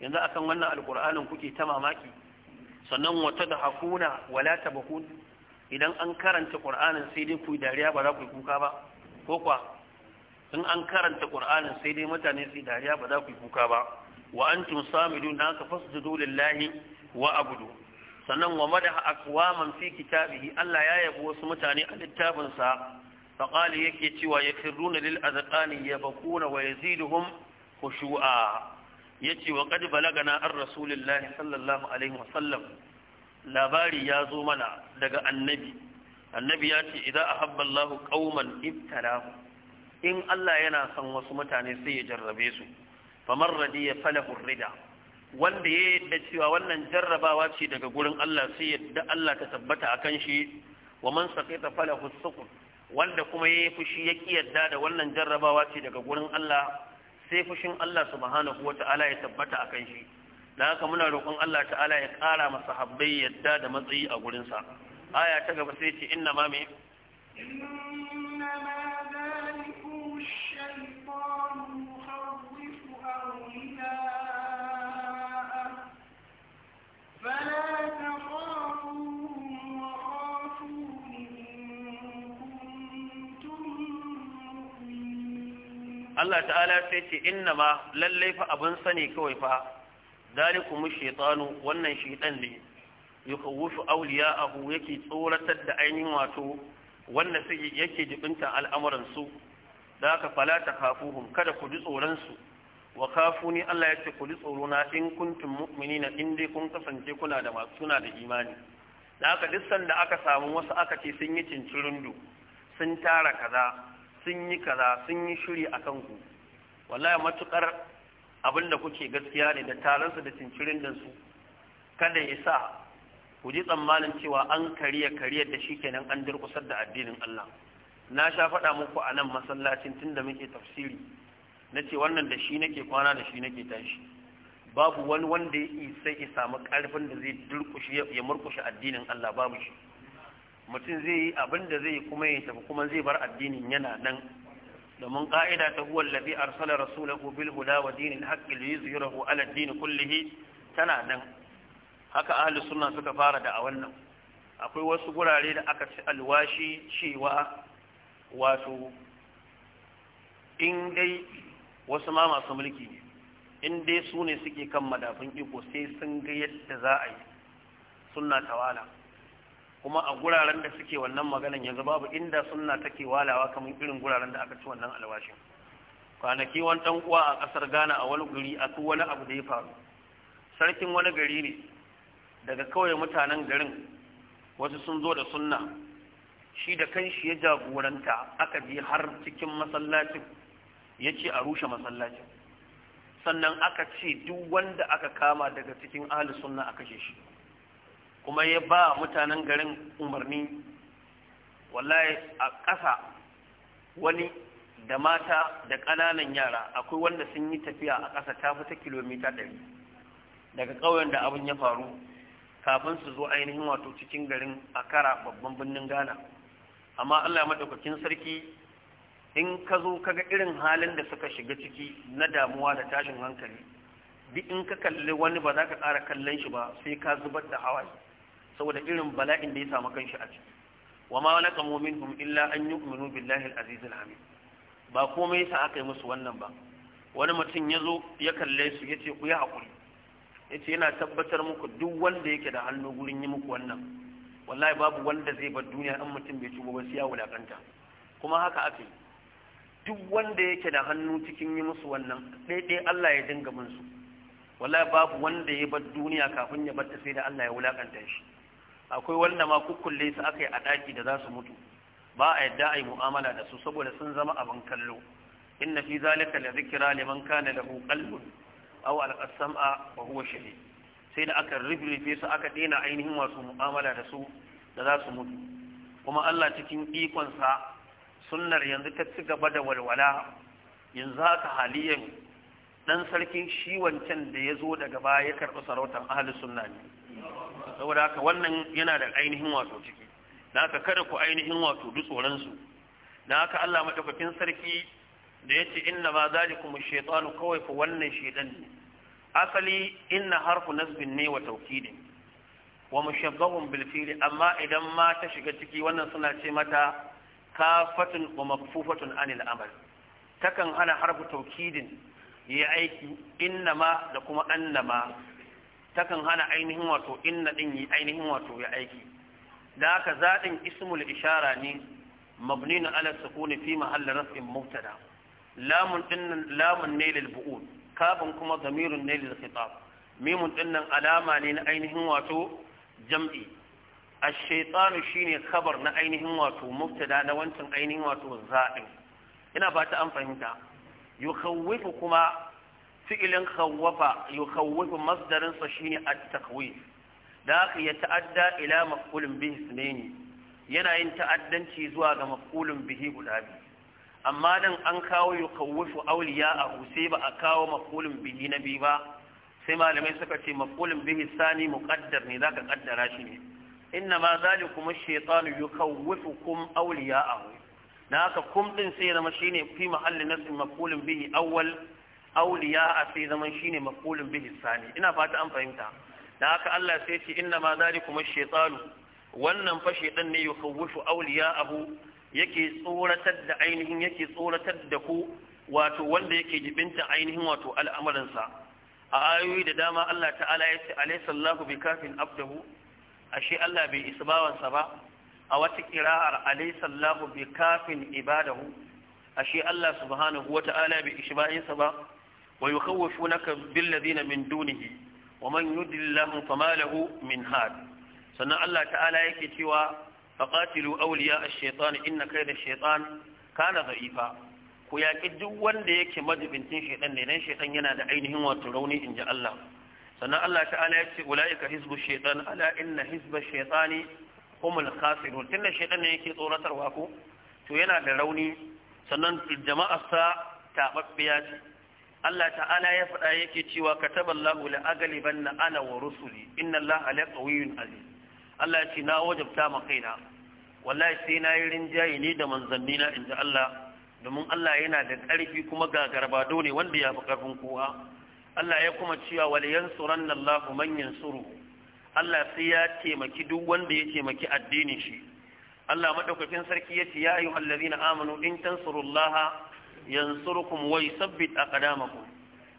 yanzu akan wannan alqur'anin kuke ta mamaki sannan wata da hakuna wala ta bakun idan an karanta qur'anin sai dai ku dariya ba za ku kuka ba ko kwa in an karanta qur'anin sai dai mutane su dariya ba za ku kuka ba wa antum samidun haka fasjudu lillahi wa abudu sannan wa madaha aqwaman fi kitabihi Allah ya yabo wasu mutane a littafin sa faƙali yake cewa ya firru na lil'azakani ya bakuna wa ya ziduhun kushu'a ya ce wa ƙadi balagana an rasulillahi sallallahu alaihi wasallam labari ya zo mana daga annabi annabi ya ce idan ahabba Allah qauman ibtalahu in Allah yana son wasu mutane sai ya jarrabe su famar ya falahu rida wanda ya yadda cewa wannan jarrabawa ce daga gurin Allah sai yadda Allah ta tabbata akan shi wa man saqita falahu suqut wanda kuma ya yi fushi ya ƙi yadda da wannan jarrabawa ce daga gurin Allah sai fushin Allah subhanahu ta'ala ya tabbata a kan shi da haka muna roƙon Allah ta'ala ya ƙara masa habbai yadda da matsayi a gurinsa. aya ta gaba sai ce inna ma me Allah ta'ala sai ce inna ma lallai fa abin sani kawai fa zalikum shaytanu wannan shaytan ne yukawwifu awliya'ahu yake tsoratar da ainihin wato wanda sai yake jibinta al'amuran su da haka fala kafuhum kada ku ji tsoron su wa kafuni Allah ya ce ku ji tsoro na in kuntum mu'minina in dai kun kasance kuna da masu suna da imani da aka duk sanda aka samu wasu aka ce sun yi cincirundu sun tara kaza sun yi kaza sun yi shiri a kanku wallahi matukar abinda kuke gaskiya ne da taronsu da cincirin da su kada ya sa ku ji tsammanin cewa an kariya kariya da shi kenan an durkusar da addinin Allah na sha faɗa muku a nan masallacin tunda muke tafsiri na ce wannan da shi nake kwana da shi nake tashi babu wani wanda ya isa ya samu ƙarfin da zai durkushe ya murkushe addinin Allah babu shi mutum zai yi abin da zai kuma ya tafi kuma zai bar addinin yana nan domin ka'ida ta huwa allazi arsala rasulahu bil huda wa dinil haqqi liyuzhirahu ala dini kullihi tana nan haka ahli sunna suka fara da a wannan akwai wasu gurare da aka ci alwashi cewa wato in dai wasu ma masu mulki in dai su ne suke kan madafin iko sai sun ga yadda za a yi sunna tawala kuma a guraren da suke wannan maganan yanzu babu inda sunna take walawa kamar irin guraren da aka ci wannan alwashin kwanaki wani dan uwa a kasar Ghana a wani guri a wani abu da ya faru sarkin wani gari ne daga kawai mutanen garin wasu sun zo da sunna shi da kanshi ya jagoranta aka je har cikin masallacin ya ce a rushe masallacin sannan aka ce duk wanda aka kama daga cikin ahli sunna a kashe shi kuma ya ba mutanen garin umarni wallahi a ƙasa wani da mata da ƙananan yara akwai wanda sun yi tafiya a ƙasa ta fita kilomita ɗari daga ƙauyen da abin ya faru kafin su zo ainihin wato cikin garin a akara babban birnin ghana amma allah maɗaukakin sarki in ka zo kaga irin halin da suka shiga ciki na damuwa da tashin hankali duk in ka kalli wani ba za ka ƙara kallon shi ba sai ka zubar da hawaye saboda irin bala'in da ya samu kanshi a ciki wa ma naqamu minhum illa an yu'minu billahi al-aziz al-hamid ba komai yasa aka yi musu wannan ba wani mutum ya zo ya kalle su ya ce ku yi Ya ce yana tabbatar muku duk wanda yake da hannu gurin yi muku wannan wallahi babu wanda zai bar duniya in mutum bai tuba ba sai ya wulakanta kuma haka aka yi duk wanda yake da hannu cikin yi musu wannan ɗaiɗai Allah ya dinga min su wallahi babu wanda ya bar duniya kafin ya bar ta sai da Allah ya wulakanta shi akwai wanda ma kukkulle su aka a ɗaki da za su mutu ba a yadda a yi mu'amala da su saboda sun zama abin kallo inna fi zalika la zikra liman kana lahu qalbun aw al-qasama wa huwa shahid sai da aka rufe su aka dena ainihin masu mu'amala da su da za su mutu kuma Allah cikin ikon sa sunnar yanzu ta ci gaba da walwala yanzu haka haliyan dan sarkin shi wancan da ya zo daga baya ya karɓi sarautar ahlus sunna ne saboda haka wannan yana da ainihin wato ciki na haka kada ku ainihin wato duk tsoronsu na haka Allah madaukakin sarki da ya ce inna ma zalikum shaytanu kawai ku wannan shaytan ne asali inna harfu nasbin ne wa tawkidin wa mushabbahun bil fi'li amma idan ma ta shiga ciki wannan suna ce mata kafatun wa makfufatun anil amal takan hana harfu tawkidin yi aiki inna ma da kuma annama takan hana ainihin wato inna din yi ainihin wato ya aiki da haka zaɗin ismul ishara ne mabni na ala sukuni fi mahallin rafin mubtada lamun dinnan lamun ne lil bu'ud kafin kuma zamirun ne lil khitab mimun dinnan alama ne na ainihin wato jam'i ash shine kabar na ainihin wato mubtada na wancan ainihin wato zaɗin ina fata an fahimta kuma fi'ilin khawwafa yukhawwifu masdarin sa shine at-takhwif da haka ya ta'adda ila maf'ulun bihi ismaini yana yin ta'addanci zuwa ga maf'ulun bihi guda biyu amma dan an kawo yukhawwifu awliya'ahu sai ba a kawo maf'ulun bihi na biyu ba sai malamai suka ce maf'ulun bihi sani muqaddar ne zaka kaddara shi ne inna ma zalikum ash-shaytanu yukhawwifukum awliya'ahu na haka kum din sai zama shine fi muhalli na maf'ulun bihi awwal awliya sai zaman shine maqulun bihi sani ina fata an fahimta da haka Allah sai ce inna ma zalikum ash-shaytanu wannan fa shaytan ne yukhawwifu awliya'ahu yake tsoratar da ainihin yake tsoratar da ku wato wanda yake jibinta ainihin wato al'amuransa a ayoyi da dama Allah ta'ala ya ce alaysa Allahu bikafin abdahu ashe Allah bai isa bawansa ba a wata kira'ar alaysa Allahu bikafin ibadahu ashe Allah subhanahu wata'ala bai isa bayansa ba wa yukhawwifunaka bil ladina min dunihi wa man yudlillahu fama lahu min had sannan Allah ta'ala yake cewa faqatilu awliya ash-shaytan inna kayda ash-shaytan kana dha'ifa ku yaƙi duk wanda yake majibintin shaytan ne dan shaytan yana da ainihin wato rauni inji Allah sannan Allah ta'ala ya ce ula'ika hizbu shaitan ala inna hizba shaitani humul khasirun tunda shaitan ne yake tsoratarwa ko to yana da rauni sannan jama'a sa tababbiya ce Allah ta'ala ya faɗa yake cewa kataballahu la'agalibanna ana wa rusuli inna Allah ala qawiyyun aziz Allah ya ce na wajabta ma kaina wallahi sai na yi rinjaye ne da manzanni na inda Allah domin Allah yana da ƙarfi kuma gagarabado ne wanda ya fi ƙarfin kowa Allah ya kuma cewa wal yansuranna Allahu man yansuru Allah sai ya taimaki duk wanda ya taimaki addinin shi Allah madaukakin sarki yace ya ayyuhallazina amanu in tansurullaha yansurukum wa yusabbit aqdamakum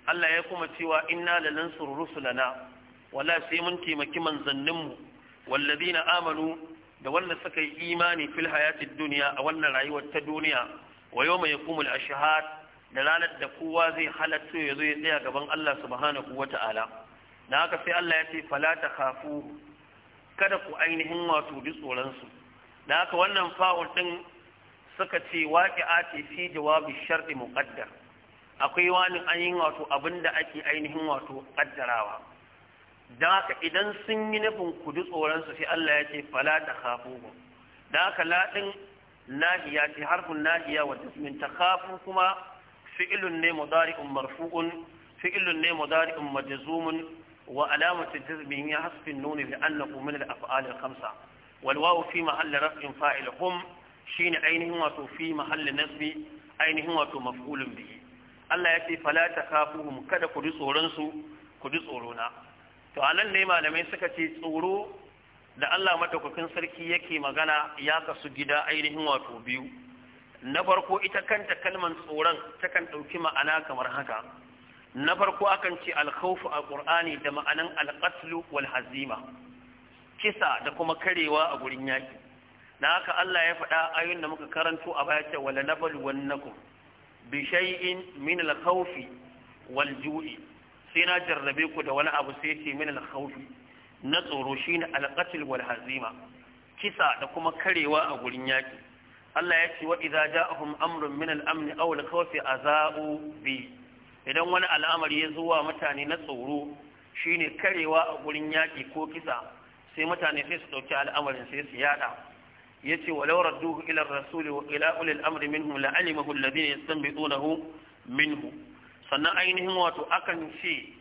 Allah ya kuma cewa inna lanansuru rusulana wala sai mun taimaki manzanninmu walladina amanu da wanda suka yi imani fil hayatid dunya a wannan rayuwar ta duniya wa yawma yaqumul ashhad da ranar da kowa zai halatto ya zo ya tsaya gaban Allah subhanahu wata'ala dan haka sai Allah ya ce fala takhafu kada ku ainihin wato ji tsoron su dan haka wannan fa'ul din suka ce waƙi'a ce fi jawabi sharɗi muƙaddar akwai wani ainihin wato abin da ake ainihin wato ƙaddarawa don haka idan sun yi nufin kudu ji tsoronsu sai Allah ya ce fala da kafu ku don haka laɗin nahiya ce harfin nahiya wa tasmin ta kafu kuma fi'ilun ne mudari'un marfu'un fi'ilun ne mudari'un majzumun wa alamatu jazmin ya hasfin nuni bi annahu min al-af'al al-khamsa wal wawu fi mahall raf'in fa'il hum Shi ne ainihin wato fi mahallin nasbi ainihin wato maf'ulun bihi Allah ya ce fala takafuhum kada ku ji tsoronsu ku ji tsorona. To to nan ne malamai suka ce tsoro da Allah madaukakin sarki yake magana ya kasu gida ainihin wato biyu na farko ita kanta kalman tsoron takan ɗauki ma'ana kamar haka na farko akan ce alkhawfu a ƙur'ani da ma'anan alqatlu walHazima. kisa da kuma karewa a gurin yaki na haka Allah ya faɗa ayoyin da muka karanto a baya cewa la nabluwannakum bi shay'in min al-khawfi wal ju'i sai na jarrabe ku da wani abu sai ce min al na tsoro shine al-qatl wal hazima kisa da kuma karewa a gurin yaki Allah ya ce wa idza ja'ahum amrun min al-amn aw al-khawfi aza'u bi idan wani al'amari ya zuwa mutane na tsoro shine karewa a gurin yaki ko kisa sai mutane sai su dauki al'amarin sai su yada yace walau radduhu duhu ar rasuli wa ila ulil amri san la'alimahu alladhina yastanbitunahu minhu sannan ainihin wato akan ce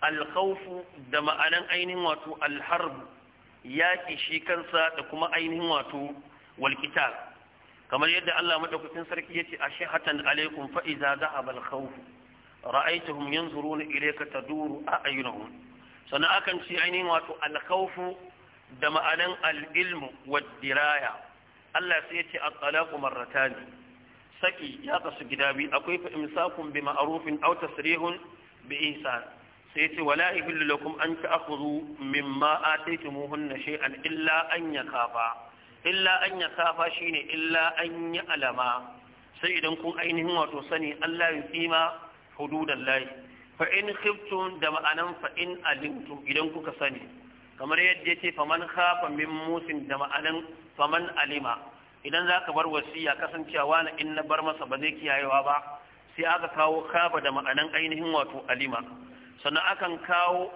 alkhawfu da ma'anan ainihin wato Ya ƙi shi kansa da kuma ainihin wato walkita. kamar yadda Allah madaukakin sarki ya ce a yace ashhatan alaikum yanzu idza dhahaba ka ta duru a taduru a'yunuhum sannan akan ce ainihin wato alkhawfu da ma'anan al'ilmu wadiraya. wa diraya Allah sai ya ce at-talaqu marratani saki ya kasu gida biyu akwai fa imsakun bi ma'rufin aw tasrihun bi ihsan sai ya ce wala yahillu lakum an ta'khudhu mimma ataytumuhunna shay'an illa an kafa. illa an yakafa shine illa an yi alama sai idan kun ainihin wato sani Allah ya kima hududan fa fain khiftum da ma'anan fa in alimtum idan kuka sani kamar yadda ce faman khafa min musin da ma'anan faman alima idan zaka bar wasiya kasancewa na in na bar masa ba zai kiyayewa ba sai aka kawo khafa da ma'anan ainihin wato alima sannan akan kawo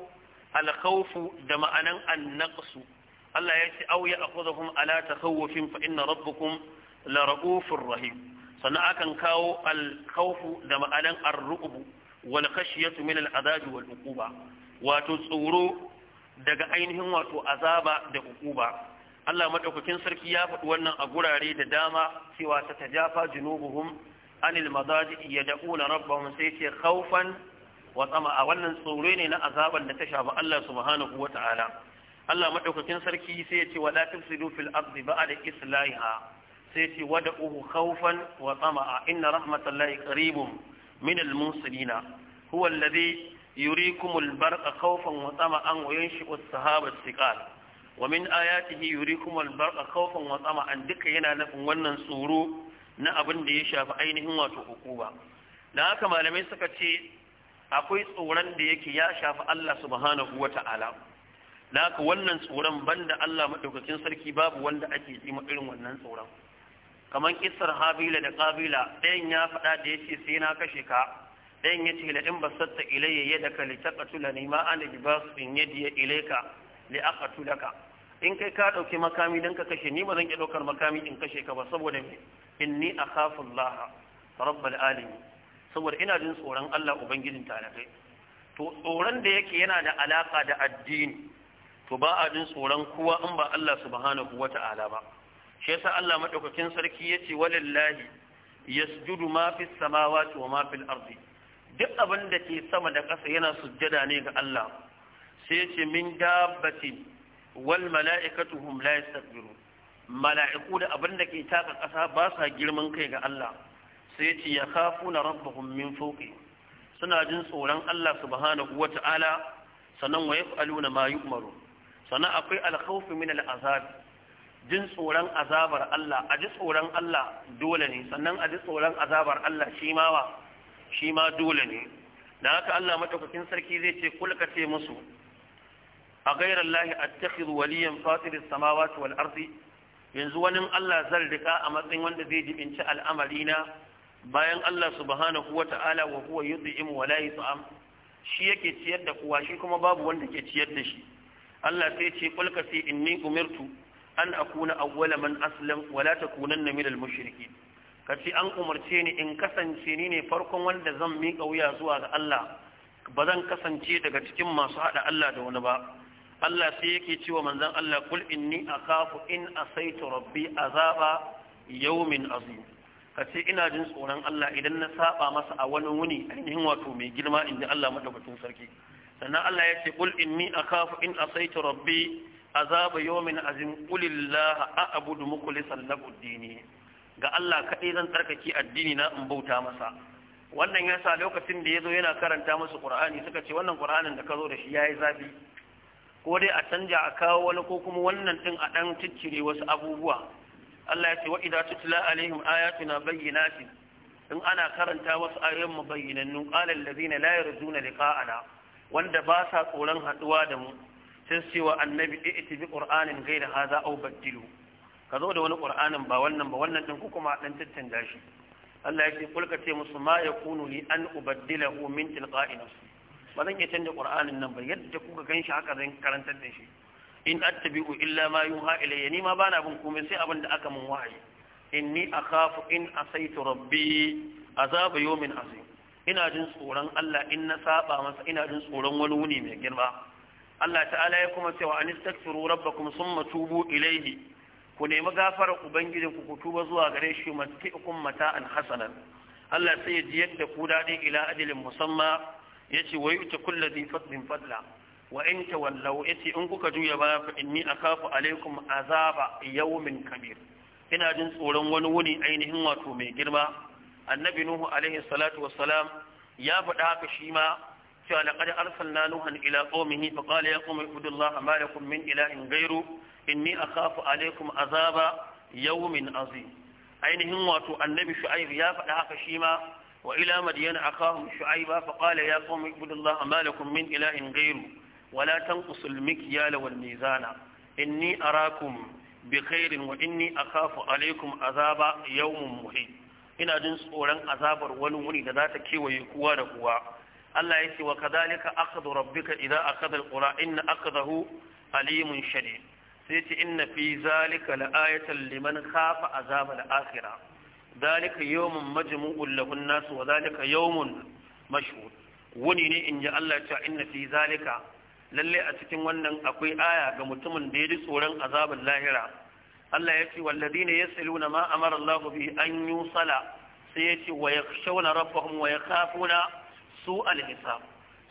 alkhawfu da ma'anan annaqsu Allah ya ce au ya'khudhukum ala takhawufin fa inna rabbukum la ra'ufur rahim sannan akan kawo alkhawfu da ma'anan ar-ru'bu wal khashyatu min al-adabi wal uquba wato tsoro daga ainihin wato azaba da ukuba Allah madaukakin sarki ya faɗi wannan a gurare da dama cewa ta tajafa junubuhum anil madaji yad'una rabbahum sai ce khawfan wa a wannan tsoro ne na azaban da ta shafi Allah subhanahu wata'ala Allah madaukakin sarki sai ya ce wala tufsidu fil ardi ba'da islahiha sai ce wada'uhu khawfan wa tama'a inna rahmatallahi qaribun min al-munsilina huwa alladhi yurikumul barqa khawfan wa tama'an wa yanshiqu as-sahaba as-siqal wa min duka yana nufin wannan tsoro na abin da ya shafi ainihin wato hukuma Da haka malamai suka ce akwai tsoron da yake ya shafi Allah subhanahu wa ta'ala da haka wannan tsoron banda Allah maɗaukakin sarki babu wanda ake ji irin wannan tsoron kamar kisar habila da kabila ɗayan ya faɗa da ya ce sai na kashe ka ɗayan ya ce la'in ba satta ilayya yadda ka li taqatula ni ma ana bi basin yadiya ilayka li aqatulaka in kai ka ɗauki makami dan ka kashe ni ba zan iya ɗaukar makami in kashe ka ba saboda me inni a Allah rabbal alamin saboda ina jin tsoron Allah ubangijin talakai to tsoron da yake yana da alaka da addini to ba a jin tsoron kowa in ba Allah subhanahu wata'ala ba shi yasa Allah madaukakin sarki yace walillahi yasjudu ma fi samawati wa ma fil ardi duk abin da ke sama da ƙasa yana sujjada ne ga Allah sai ya ce min dabbati wal mala'ikatu la yastakbirun mala'iku da abin da ke taka ƙasa ba sa girman kai ga Allah sai ya ce ya khafuna rabbahum min fawqi suna jin tsoron Allah subhanahu wata'ala sannan wa yaf'aluna ma yu'maru sannan akwai al-khawf min al-azab jin tsoron azabar Allah a ji tsoron Allah dole ne sannan a ji tsoron azabar Allah shi ma wa shi ma dole ne da haka Allah madaukakin sarki zai ce kul ce musu a gairar lahi attakhidhu waliyan fatir as-samawati wal yanzu wani Allah zan rika a matsayin wanda zai jibinci al'amarina bayan Allah subhanahu wata'ala wa huwa yudhim wa la yut'am shi yake ciyar da kuwa, shi kuma babu wanda ke ciyar da shi Allah sai ce kul ka ce inni umirtu an akuna awwala man aslam wa la takunanna minal mushrikin ka ce an umarce ni in kasance ni ne farkon wanda zan miƙa wuya zuwa ga Allah ba zan kasance daga cikin masu haɗa Allah da wani ba Allah sai yake cewa manzon Allah kul inni akhafu in asaitu rabbi azaba yawmin azim ka ce ina jin tsoron Allah idan na saba masa a wani wuni ainihin wato mai girma in ji Allah madaukakin sarki sannan Allah ya ce kul inni akhafu in asaitu rabbi azaba yawmin azim qulillah a'budu mukhlishan lahu dini ga Allah kaɗai zan tsarkake addini na in bauta masa wannan yasa lokacin da ya zo yana karanta musu ƙur'ani suka ce wannan ƙur'anin da ka zo da shi ya yi zafi ko dai a canja a kawo wani ko kuma wannan ɗin a ɗan ciccire wasu abubuwa Allah ya ce wa idza tula alaihim bayyana shi. in ana karanta wasu ayoyin mu da zina layar zuna da ka'ana wanda ba sa tsoron haɗuwa da mu sai cewa annabi ɗaya ita bi gai da haza au baddilu ka zo da wani qur'anin ba wannan ba wannan ɗin ko kuma dan tattanda shi Allah ya ce kulka ce musu ma kunu li an ubaddilahu min tilqa'i nafsi ba zan iya canja qur'anin nan ba yadda kuka ganshi haka zan karantar da shi in attabi'u illa ma yuha ilayya ni ma bana bin komai sai abin da aka mun wahayi inni akhafu in asaitu rabbi azaba yawmin azim ina jin tsoron Allah in na saba masa ina jin tsoron wani wuni mai girma Allah ta'ala ya kuma cewa an istaghfiru rabbakum summa tubu ilayhi ku nemi gafarar ubangijin ku ku tuba zuwa gare shi mati'ukum mata'an hasanan Allah sai ya ji yadda ku dadi ila ajalin musamma yace wa yuti kullu dhi fadlin fadla wa in ya ce in kuka juya ba fa inni kafu alaikum azaba yawmin kabir ina jin tsoron wani wuni ainihin wato mai girma annabi nuhu alaihi salatu wassalam ya faɗa haka shi ma cewa laqad arsalna nuhan ila qaumihi faqala ya qaumi ibudullaha ma lakum min ilahin ghairu inni akhafu alaikum azaba yawmin azim ainihin wato annabi shu'aib ya faɗa haka shi ma wa ila madyana akahum shu'aiba fa qala ya qawmi ibudullaha ma lakum min ilahin ghayru wa la tanqusul mikyala wal mizana inni arakum bi khairin wa inni akhafu alaikum azaba yawmin muhin ina jin tsoron azabar wani wuni da za ta kewaye kuwa da kuwa Allah ya ce wa kadhalika akhdhu rabbika idza akhadha alqura inna akhdahu alimun shadid sai ce inna fi zalika la'ayatan liman khafa azabal akhira. zalika yawmun majmu'un lahun nas wa zalika yawmun mashhud wani ne in ji Allah ya ce inna fi zalika lalle a cikin wannan akwai aya ga mutumin da ya ji tsoron azabar lahira Allah ya ce walladina yasaluna ma amara Allah bi an yusala sai ya ce wa yakhshawna rabbahum wa yakhafuna su al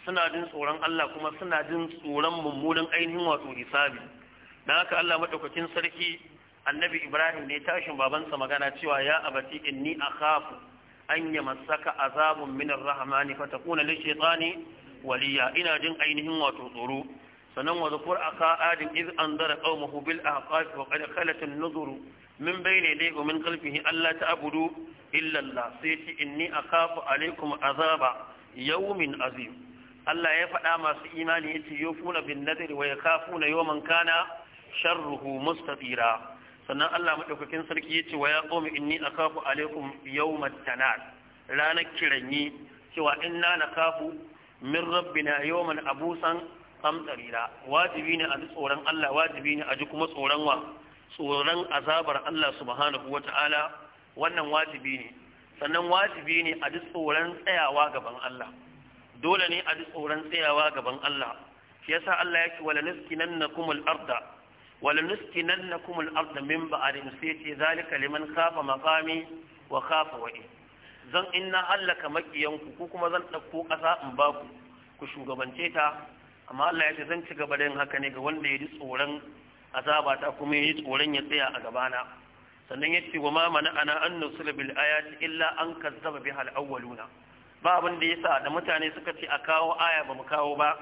suna jin tsoron Allah kuma suna jin tsoron mummunan ainihin wato hisabi dan haka Allah madaukakin sarki annabi Ibrahim ne tashin babansa magana cewa ya abati inni akhafu an yamassaka azabun min ar-rahman fa takuna lish-shaytani waliya ina jin ainihin wato tsoro sanan wa zukur aka adin iz anzara qaumahu bil ahqaf wa qad khalat an-nuzur min bayni yadayhi wa min khalfihi alla ta'budu illa Allah sai ci inni akhafu alaykum azaba yawmin azim Allah ya faɗa masu imani yace yufuna bin nadri wa yakhafuna yawman kana sharruhu mustafira sannan Allah madaukakin sarki yace wa ya qawmi inni akhafu alaikum yawmat tanar ranar kiranyi cewa inna nakafu min rabbina yawman abusan qamtarira wajibi ne a ji tsoron Allah wajibi ne a ji kuma tsoron wa tsoron azabar Allah subhanahu wata'ala wannan wajibi ne sannan wajibi ne a ji tsoron tsayawa gaban Allah dole ne a ji tsoron tsayawa gaban Allah shi yasa Allah ya ce wala niskinannakum al-arda wala nuskinannakum al-ard min ba'dihim sayti zalika liman kafa maqami wa zan inna hallaka makiyanku ku kuma zan ɗauko kasa in ba ku ku shugabance ta amma Allah ya ce zan ci gaba da yin haka ne ga wanda ya ji tsoron azaba ta kuma ya ji tsoron ya tsaya a gabana sannan ya ce wa ma mana ana an nusula bil ayati illa an kazzaba bihal awwaluna ba abin da yasa da mutane suka ce a kawo aya ba mu kawo ba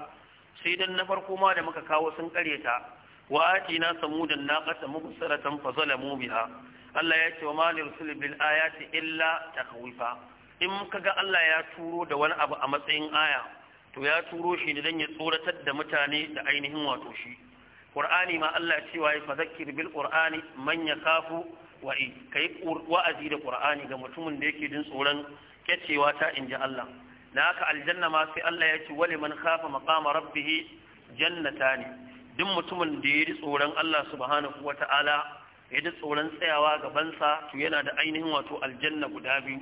sai dan na farko ma da muka kawo sun ta. wa na samudan naqata mubsaratan fa zalamu biha Allah ya ce wa ma nursil bil ayati illa takhwifa in kaga Allah ya turo da wani abu a matsayin aya to ya turo shi ne dan ya tsoratar da mutane da ainihin wato shi Qur'ani ma Allah wa ya fadhakkir bil Qur'ani man yakafu wa kai wa'azi da Qur'ani ga mutumin da yake jin tsoron kecewa ta inji Allah Na haka aljanna ma sai Allah ya ce wali kafa khafa maqama rabbih jannatani duk mutumin da ya ji tsoron Allah subhanahu wata'ala ya ji tsoron tsayawa gabansa to yana da ainihin wato aljanna guda biyu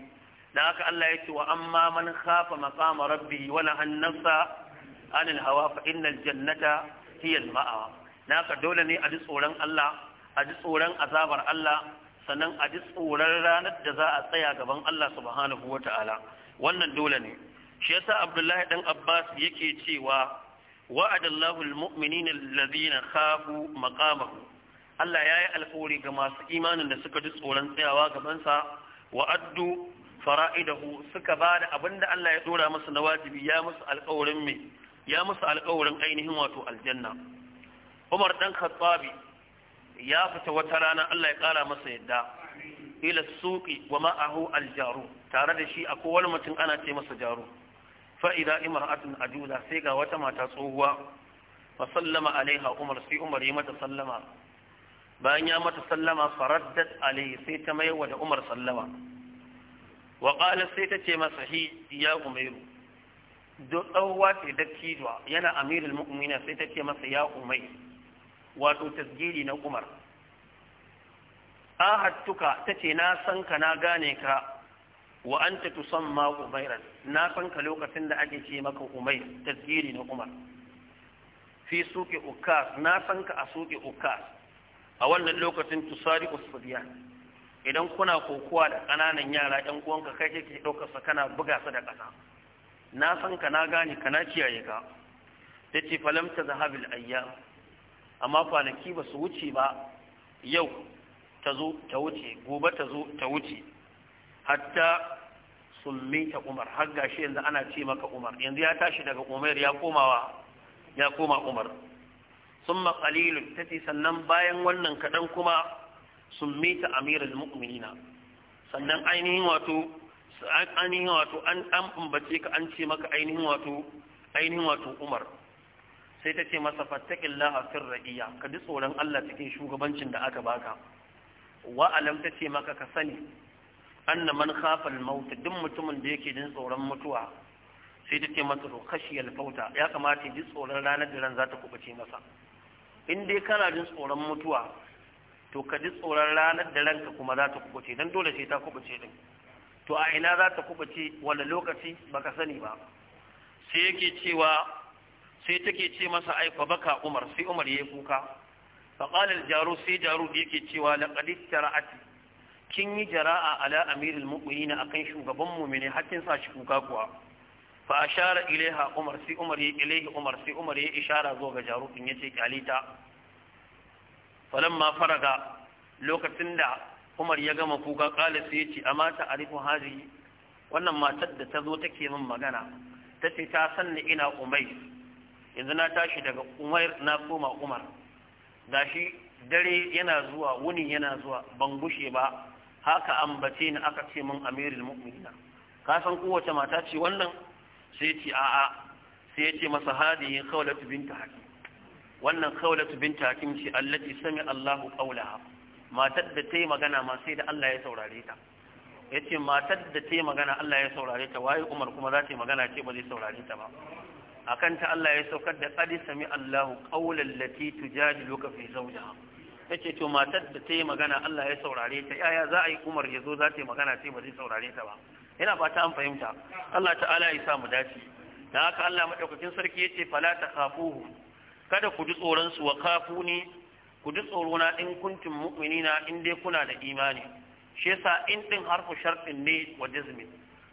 da haka Allah ya ce wa amma man khafa maqama Rabbi wani nahan anil hawa fa innal jannata hiya al-ma'a dole ne a ji tsoron Allah a ji tsoron azabar Allah sannan a ji tsoron ranar da za a tsaya gaban Allah subhanahu wata'ala wannan dole ne shi yasa Abdullahi dan Abbas yake cewa وعد الله na الذين خافوا مقامه Allah ya yi alƙawari ga masu imanin da suka ji tsoron tsayawa gabansa wa addu fara'idahu suka ba da abin da Allah ya tsora masa na wajibi ya musu alƙawarin mai ya musu ainihin wato aljanna Umar dan Khattabi ya fita wata rana Allah ya ƙara masa yadda ila suƙi wa ma'ahu aljaru tare da shi akwai wani mutum ana ce masa jaru fa'ida imra'atun ajuza sai ga wata mata tsohuwa fa sallama alaiha umar sai umar yi mata sallama bayan ya mata sallama faraddat alaihi sai ta maiwa da umar sallama wa qala sai ta ce masa hi ya umairu do tsohuwa ce dakkijwa yana amirin mu'mina sai ta ce masa ya umai wato tasgiri na umar ta ce na san ka na gane ka wa anta tusamma umairan na san ka lokacin da ake ce maka umair tasiri na umar fi suke ukas na san ka a suke ukas a wannan lokacin tusari usbiya idan kuna kokowa da ƙananan yara ƴan uwanka kai kake ɗaukar sa kana buga su da ƙasa na san ka na gane ka na kiyaye ka tace falam ta zahabil ayyam amma kwanaki ba su wuce ba yau ta zo ta wuce gobe ta zo ta wuce hatta summita umar har gashi yanzu ana ce maka umar yanzu ya tashi daga umar ya komawa ya koma umar sun maƙalilun ta ce sannan bayan wannan kaɗan kuma summita amirul mu'minina sannan ainihin wato ainihin wato an ka an ce maka ainihin wato ainihin wato umar sai ta ce masa fattakin lahafin ra'iya ka ji tsoron Allah cikin shugabancin da aka baka wa'alam ta ce maka ka sani anna man khafa al-maut duk mutumin da yake jin tsoron mutuwa sai ta masa to kashi al-fauta ya kamata ji tsoron ranar da ran za ta kubuce masa in dai kana jin tsoron mutuwa to ka ji tsoron ranar da ranka kuma za ta kubuce dan dole sai ta kubuce din to a ina za ta kubuce wani lokaci baka sani ba sai yake cewa sai take ce masa ai fa baka Umar sai Umar yayi kuka fa qala al-jaru sai jaru yake cewa laqad tara'ati kin yi jara'a ala amirul mu'minina akan shugaban mu'mini hakkin sa shi kuka kuwa fa ashara ilaiha umar sai umar ya ilaihi umar sai umar ya ishara zo ga jarufin yace kalita falamma faraga lokacin da umar ya gama kuka kala sai yace amma ta arifu hazi wannan matar da ta zo take min magana tace ta sanna ina umay yanzu na tashi daga Umar na koma umar gashi dare yana zuwa wuni yana zuwa ban gushe ba haka ambace ni aka ce min amirul mu'minina ka san kowace mata ce wannan sai ce a'a sai ya ce masa hadihi khawlatu binta hakim wannan khawlatu binta hakim ce allati sami Allahu qawlaha matar da ta yi magana ma sai da Allah ya saurare ta ya ce matar da ta yi magana Allah ya saurare ta waye Umar kuma za ta yi magana ce ba zai saurare ta ba akan ta Allah ya saukar da qad sami Allahu qawlan lati tujadiluka fi zawjiha Yace to matar da ta yi magana Allah ya saurare ta yaya za a yi umar ya zo za ta yi magana sai ba zai saurare ta ba yana ba ta an fahimta Allah ta'ala ya sa mu dace da haka Allah madaukakin sarki yace fala ta khafuhu kada ku ji tsoron su wa khafuni ku ji tsoro na in kuntum mu'minina in dai kuna da imani shi yasa in din harfu shartin ne wa jazmi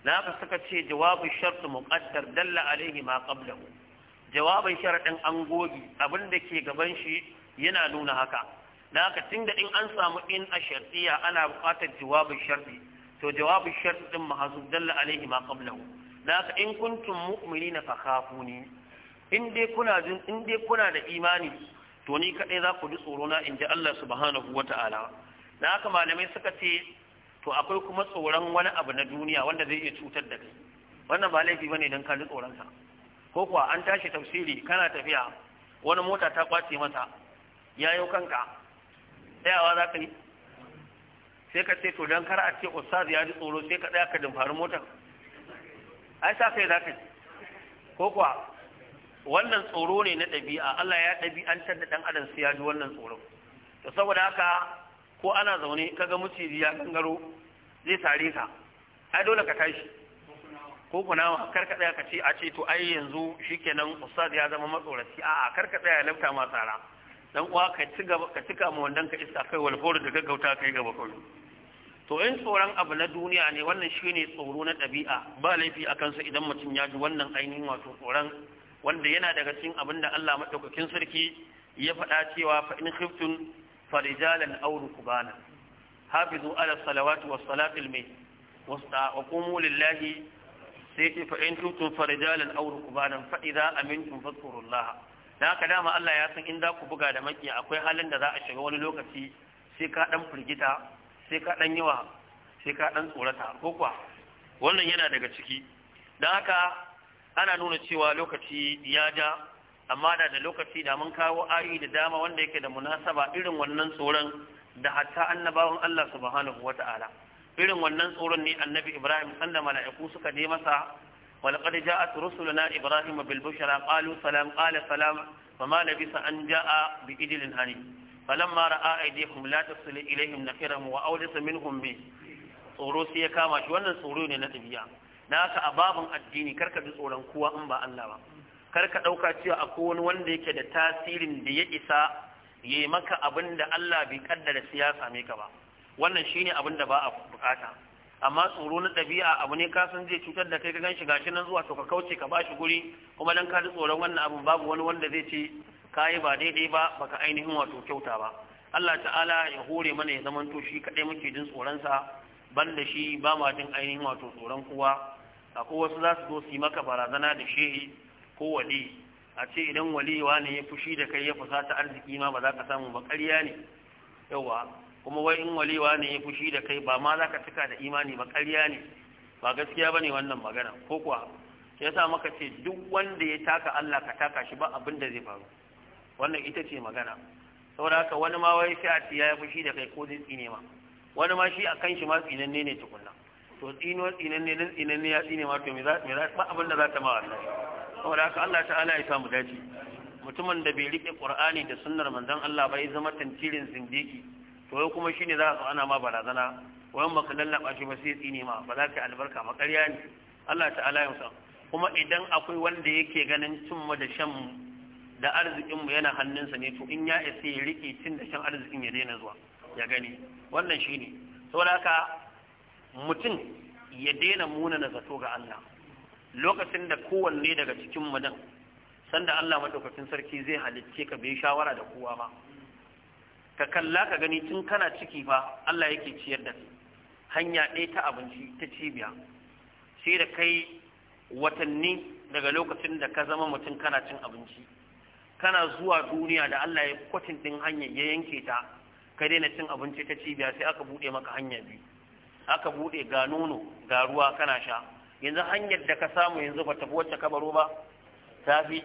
da haka suka ce jawabu shartu muqaddar dalla alaihi ma qablahu jawabin sharadin an gogi abin da ke gaban shi yana nuna haka na haka da in an samu in a shartiya ana buƙatar jawabin sharti to jawabin sharti din mahazub dalla alaihi ma qablahu na haka in kuntum mu'minina fa khafuni in dai kuna jin in dai kuna da imani to ni kadai za ku ji tsoro na inji Allah subhanahu wata'ala na haka malamai suka ce to akwai kuma tsoron wani abu na duniya wanda zai iya cutar da kai wannan ba laifi bane dan ka ji tsoron sa ko kuwa an tashi tafsiri kana tafiya wani mota ta kwace mata yayo kanka tsayawa za ka yi sai ka ce to don kar a ce ustaz ya ji tsoro sai ka tsaya ka dimfari motar ai sa kai za ka ji ko kuwa wannan tsoro ne na ɗabi'a Allah ya ɗabi'antar da ɗan adam sai ya ji wannan tsoron to saboda haka ko ana zaune kaga muciji ya gangaro zai sare ka ai dole ka tashi ko kunawa kar ka tsaya ka ce a ce to ai yanzu shikenan ustaz ya zama matsoraci a'a kar ka tsaya ya lafta ma tsara dan uwa ka ci gaba ka cika mu wannan ka iska kai wal da gaggauta kai gaba kullu to in tsoron abu na duniya ne wannan shine tsoro na ɗabi'a ba laifi a kansa idan mutum ya ji wannan ainihin wato tsoron wanda yana daga cikin abin da Allah madaukakin sarki ya faɗa cewa fa in khiftun farijalan aw rukbana hafizu ala salawati was salatil mai wasta wa qumu lillahi sai fa in khiftun farijalan aw rukbana fa idza amintum fadhkurullaha da haka dama Allah ya san in za ku buga da maki akwai halin da za a shiga wani lokaci sai ka dan firgita sai ka dan yawa sai ka dan tsorata ko kuwa wannan yana daga ciki da haka ana nuna cewa lokaci ya ja amma da da lokaci da mun kawo ayoyi da dama wanda yake da munasaba irin wannan tsoron da hatta annabawan Allah subhanahu wata'ala irin wannan tsoron ne annabi Ibrahim sanda mala'iku suka je masa ولقد جاءت رسلنا إبراهيم بالبشرى قالوا سلام قال سلام فما لبث أن جاء بإجل هني فلما رأى أيديهم لا تصل إليهم نكرهم وأولس منهم به tsoro sai ya kama shi wannan tsoro ne na tabiya na haka a babin addini karka ji tsoron kowa in ba Allah ba ka ɗauka cewa akwai wani wanda yake da tasirin da ya isa ya maka abin da Allah bai kaddara siyasa ya same ka ba wannan shine abin da ba a bukata amma tsoro na ɗabi'a abu ne kasan zai cutar da kai ka gan shiga nan zuwa to ka kauce ka bashi guri kuma dan ka ji tsoron wannan abun babu wani wanda zai ce kayi ba daidai ba baka ainihin wato kyauta ba Allah ta'ala ya hore mana ya zaman to shi kaɗai muke jin tsoron ban da shi ba ma jin ainihin wato tsoron kowa akwai wasu za su zo su yi maka barazana da shehi ko wali a ce idan waliwa ne ya fushi da kai ya fusata arziki ma ba za ka samu ba ƙarya ne yawa kuma wai in walewa ne ya fushi da kai ba ma za ka cika da imani ba ƙarya ne ba gaskiya ba ne wannan magana ko kuwa ya sa maka ce duk wanda ya taka Allah ka taka shi ba abin da zai faru wannan ita ce magana saboda haka wani ma wai sai a ce ya fushi da kai ko zai tsine ma wani ma shi a kan shi ma tsinanne ne tukunna to tsino, tsinanne nan tsinanne ya tsine ma to me za ba abin da za ta ma wannan saboda haka Allah ta'ala ya samu dace mutumin da bai rike Qur'ani da sunnar manzon Allah ba ya zama tantirin zindiki to yau kuma shine za a ana ma barazana wayan baka lallaba shi ba sai tsini ma ba za ka albarka ma ƙarya ne Allah ta'ala ya musa kuma idan akwai wanda yake ganin cin mu da shan mu da arzikin mu yana hannunsa ne to in ya isa ya rike cin da shan arzikin ya daina zuwa ya gani wannan shine saboda haka mutum ya daina na zato ga Allah lokacin da kowanne daga cikin mu nan sanda Allah madaukakin sarki zai halicce ka bai shawara da kowa ba ka kalla ka gani tun kana ciki fa Allah yake ciyar da kai hanya ɗaya ta abinci ta cibiya sai da kai watanni daga lokacin da ka zama mutum kana cin abinci kana zuwa duniya da Allah ya kwatin din hanyar ya yanke ta ka daina cin abinci ta cibiya sai aka buɗe maka hanya biyu aka buɗe ga nono ga ruwa kana sha yanzu hanyar da ka samu yanzu ba tafi wacce ka baro ba tafi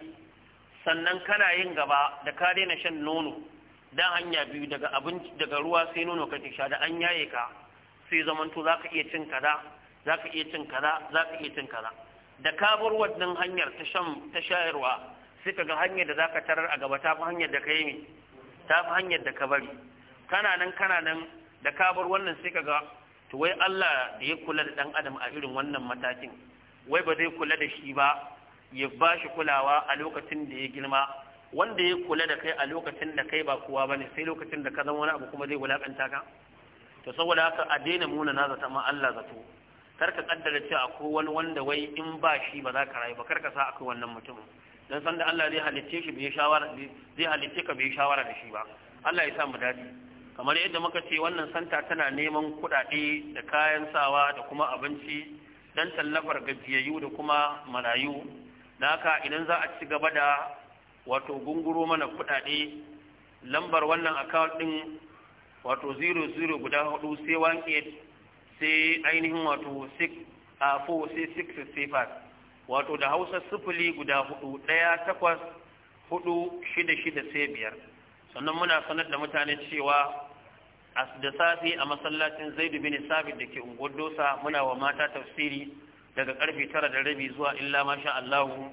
sannan kana yin gaba da ka daina shan nono da hanya biyu daga abinci daga ruwa sai nono ka sha da an yaye ka sai zaman to zaka iya cin kaza zaka iya cin kaza zaka iya cin kaza da ka bar wannan hanyar ta shan ta shayarwa sai kaga hanyar da zaka tarar a gaba ta fi hanyar da ka yi ta fi hanyar da ka bari kana nan kana nan da ka bar wannan sai kaga to wai Allah da ya kula da dan adam a irin wannan matakin wai ba zai kula da shi ba ya ba shi kulawa a lokacin da ya girma wanda ya kula da kai a lokacin da kai ba kowa ne sai lokacin da ka zama wani abu kuma zai wulakanta ka to saboda haka a daina muna na zata ma Allah zato kar ka kaddara cewa akwai wani wanda wai in ba shi ba za ka rayu ba kar ka sa akwai wannan mutumin dan san da Allah zai halicce shi bai shawara zai halicce ka bai shawara da shi ba Allah ya sa mu dadi kamar yadda muka ce wannan santa tana neman kuɗaɗe da kayan sawa da kuma abinci dan tallafar gajiyayyu da kuma marayu da haka idan za a ci gaba da wato gunguru mana kudade lambar wannan account din wato 00 guda hudu sai 18 sai ainihin wato 6 a 4 sai 6 sai 5 wato da hausa sifili guda hudu ɗaya takwas hudu shida shida sai biyar sannan muna sanar da mutane cewa da safi a masallacin zaidu bin sabit da ke unguwar dosa muna wa mata tafsiri daga karfe tara da rabi zuwa illa masha Allahu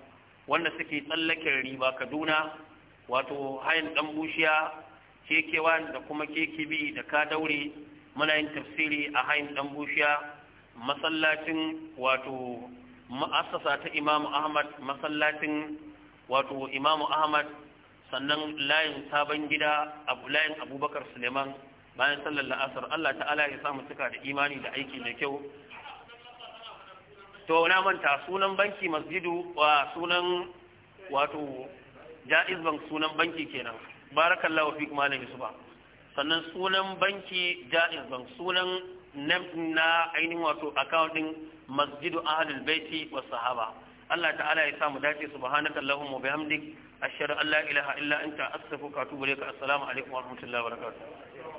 wanda suke tsallaken riba kaduna wato hayan dan bushiya kekewa da kuma kekibi da ka daure muna yin tafsiri a hayan dan bushiya masallacin wato ma'assasa ta Imam ahmad masallacin wato Imam ahmad sannan layin sabon gida abu layin abubakar suleiman bayan sallar la'asar allah ta'ala ya samu suka da imani da aiki mai kyau to na manta sunan banki masjidu wa sunan wato jaiz bank sunan banki kenan barakallahu fikum malam yusufa sannan sunan banki jaiz bank sunan na ainihin wato account din masjidu ahlul baiti wa sahaba Allah ta'ala ya samu dace subhanakallahumma wa bihamdik ashhadu an la ilaha illa anta astaghfiruka wa atubu ilaik assalamu alaikum wa rahmatullahi wa barakatuh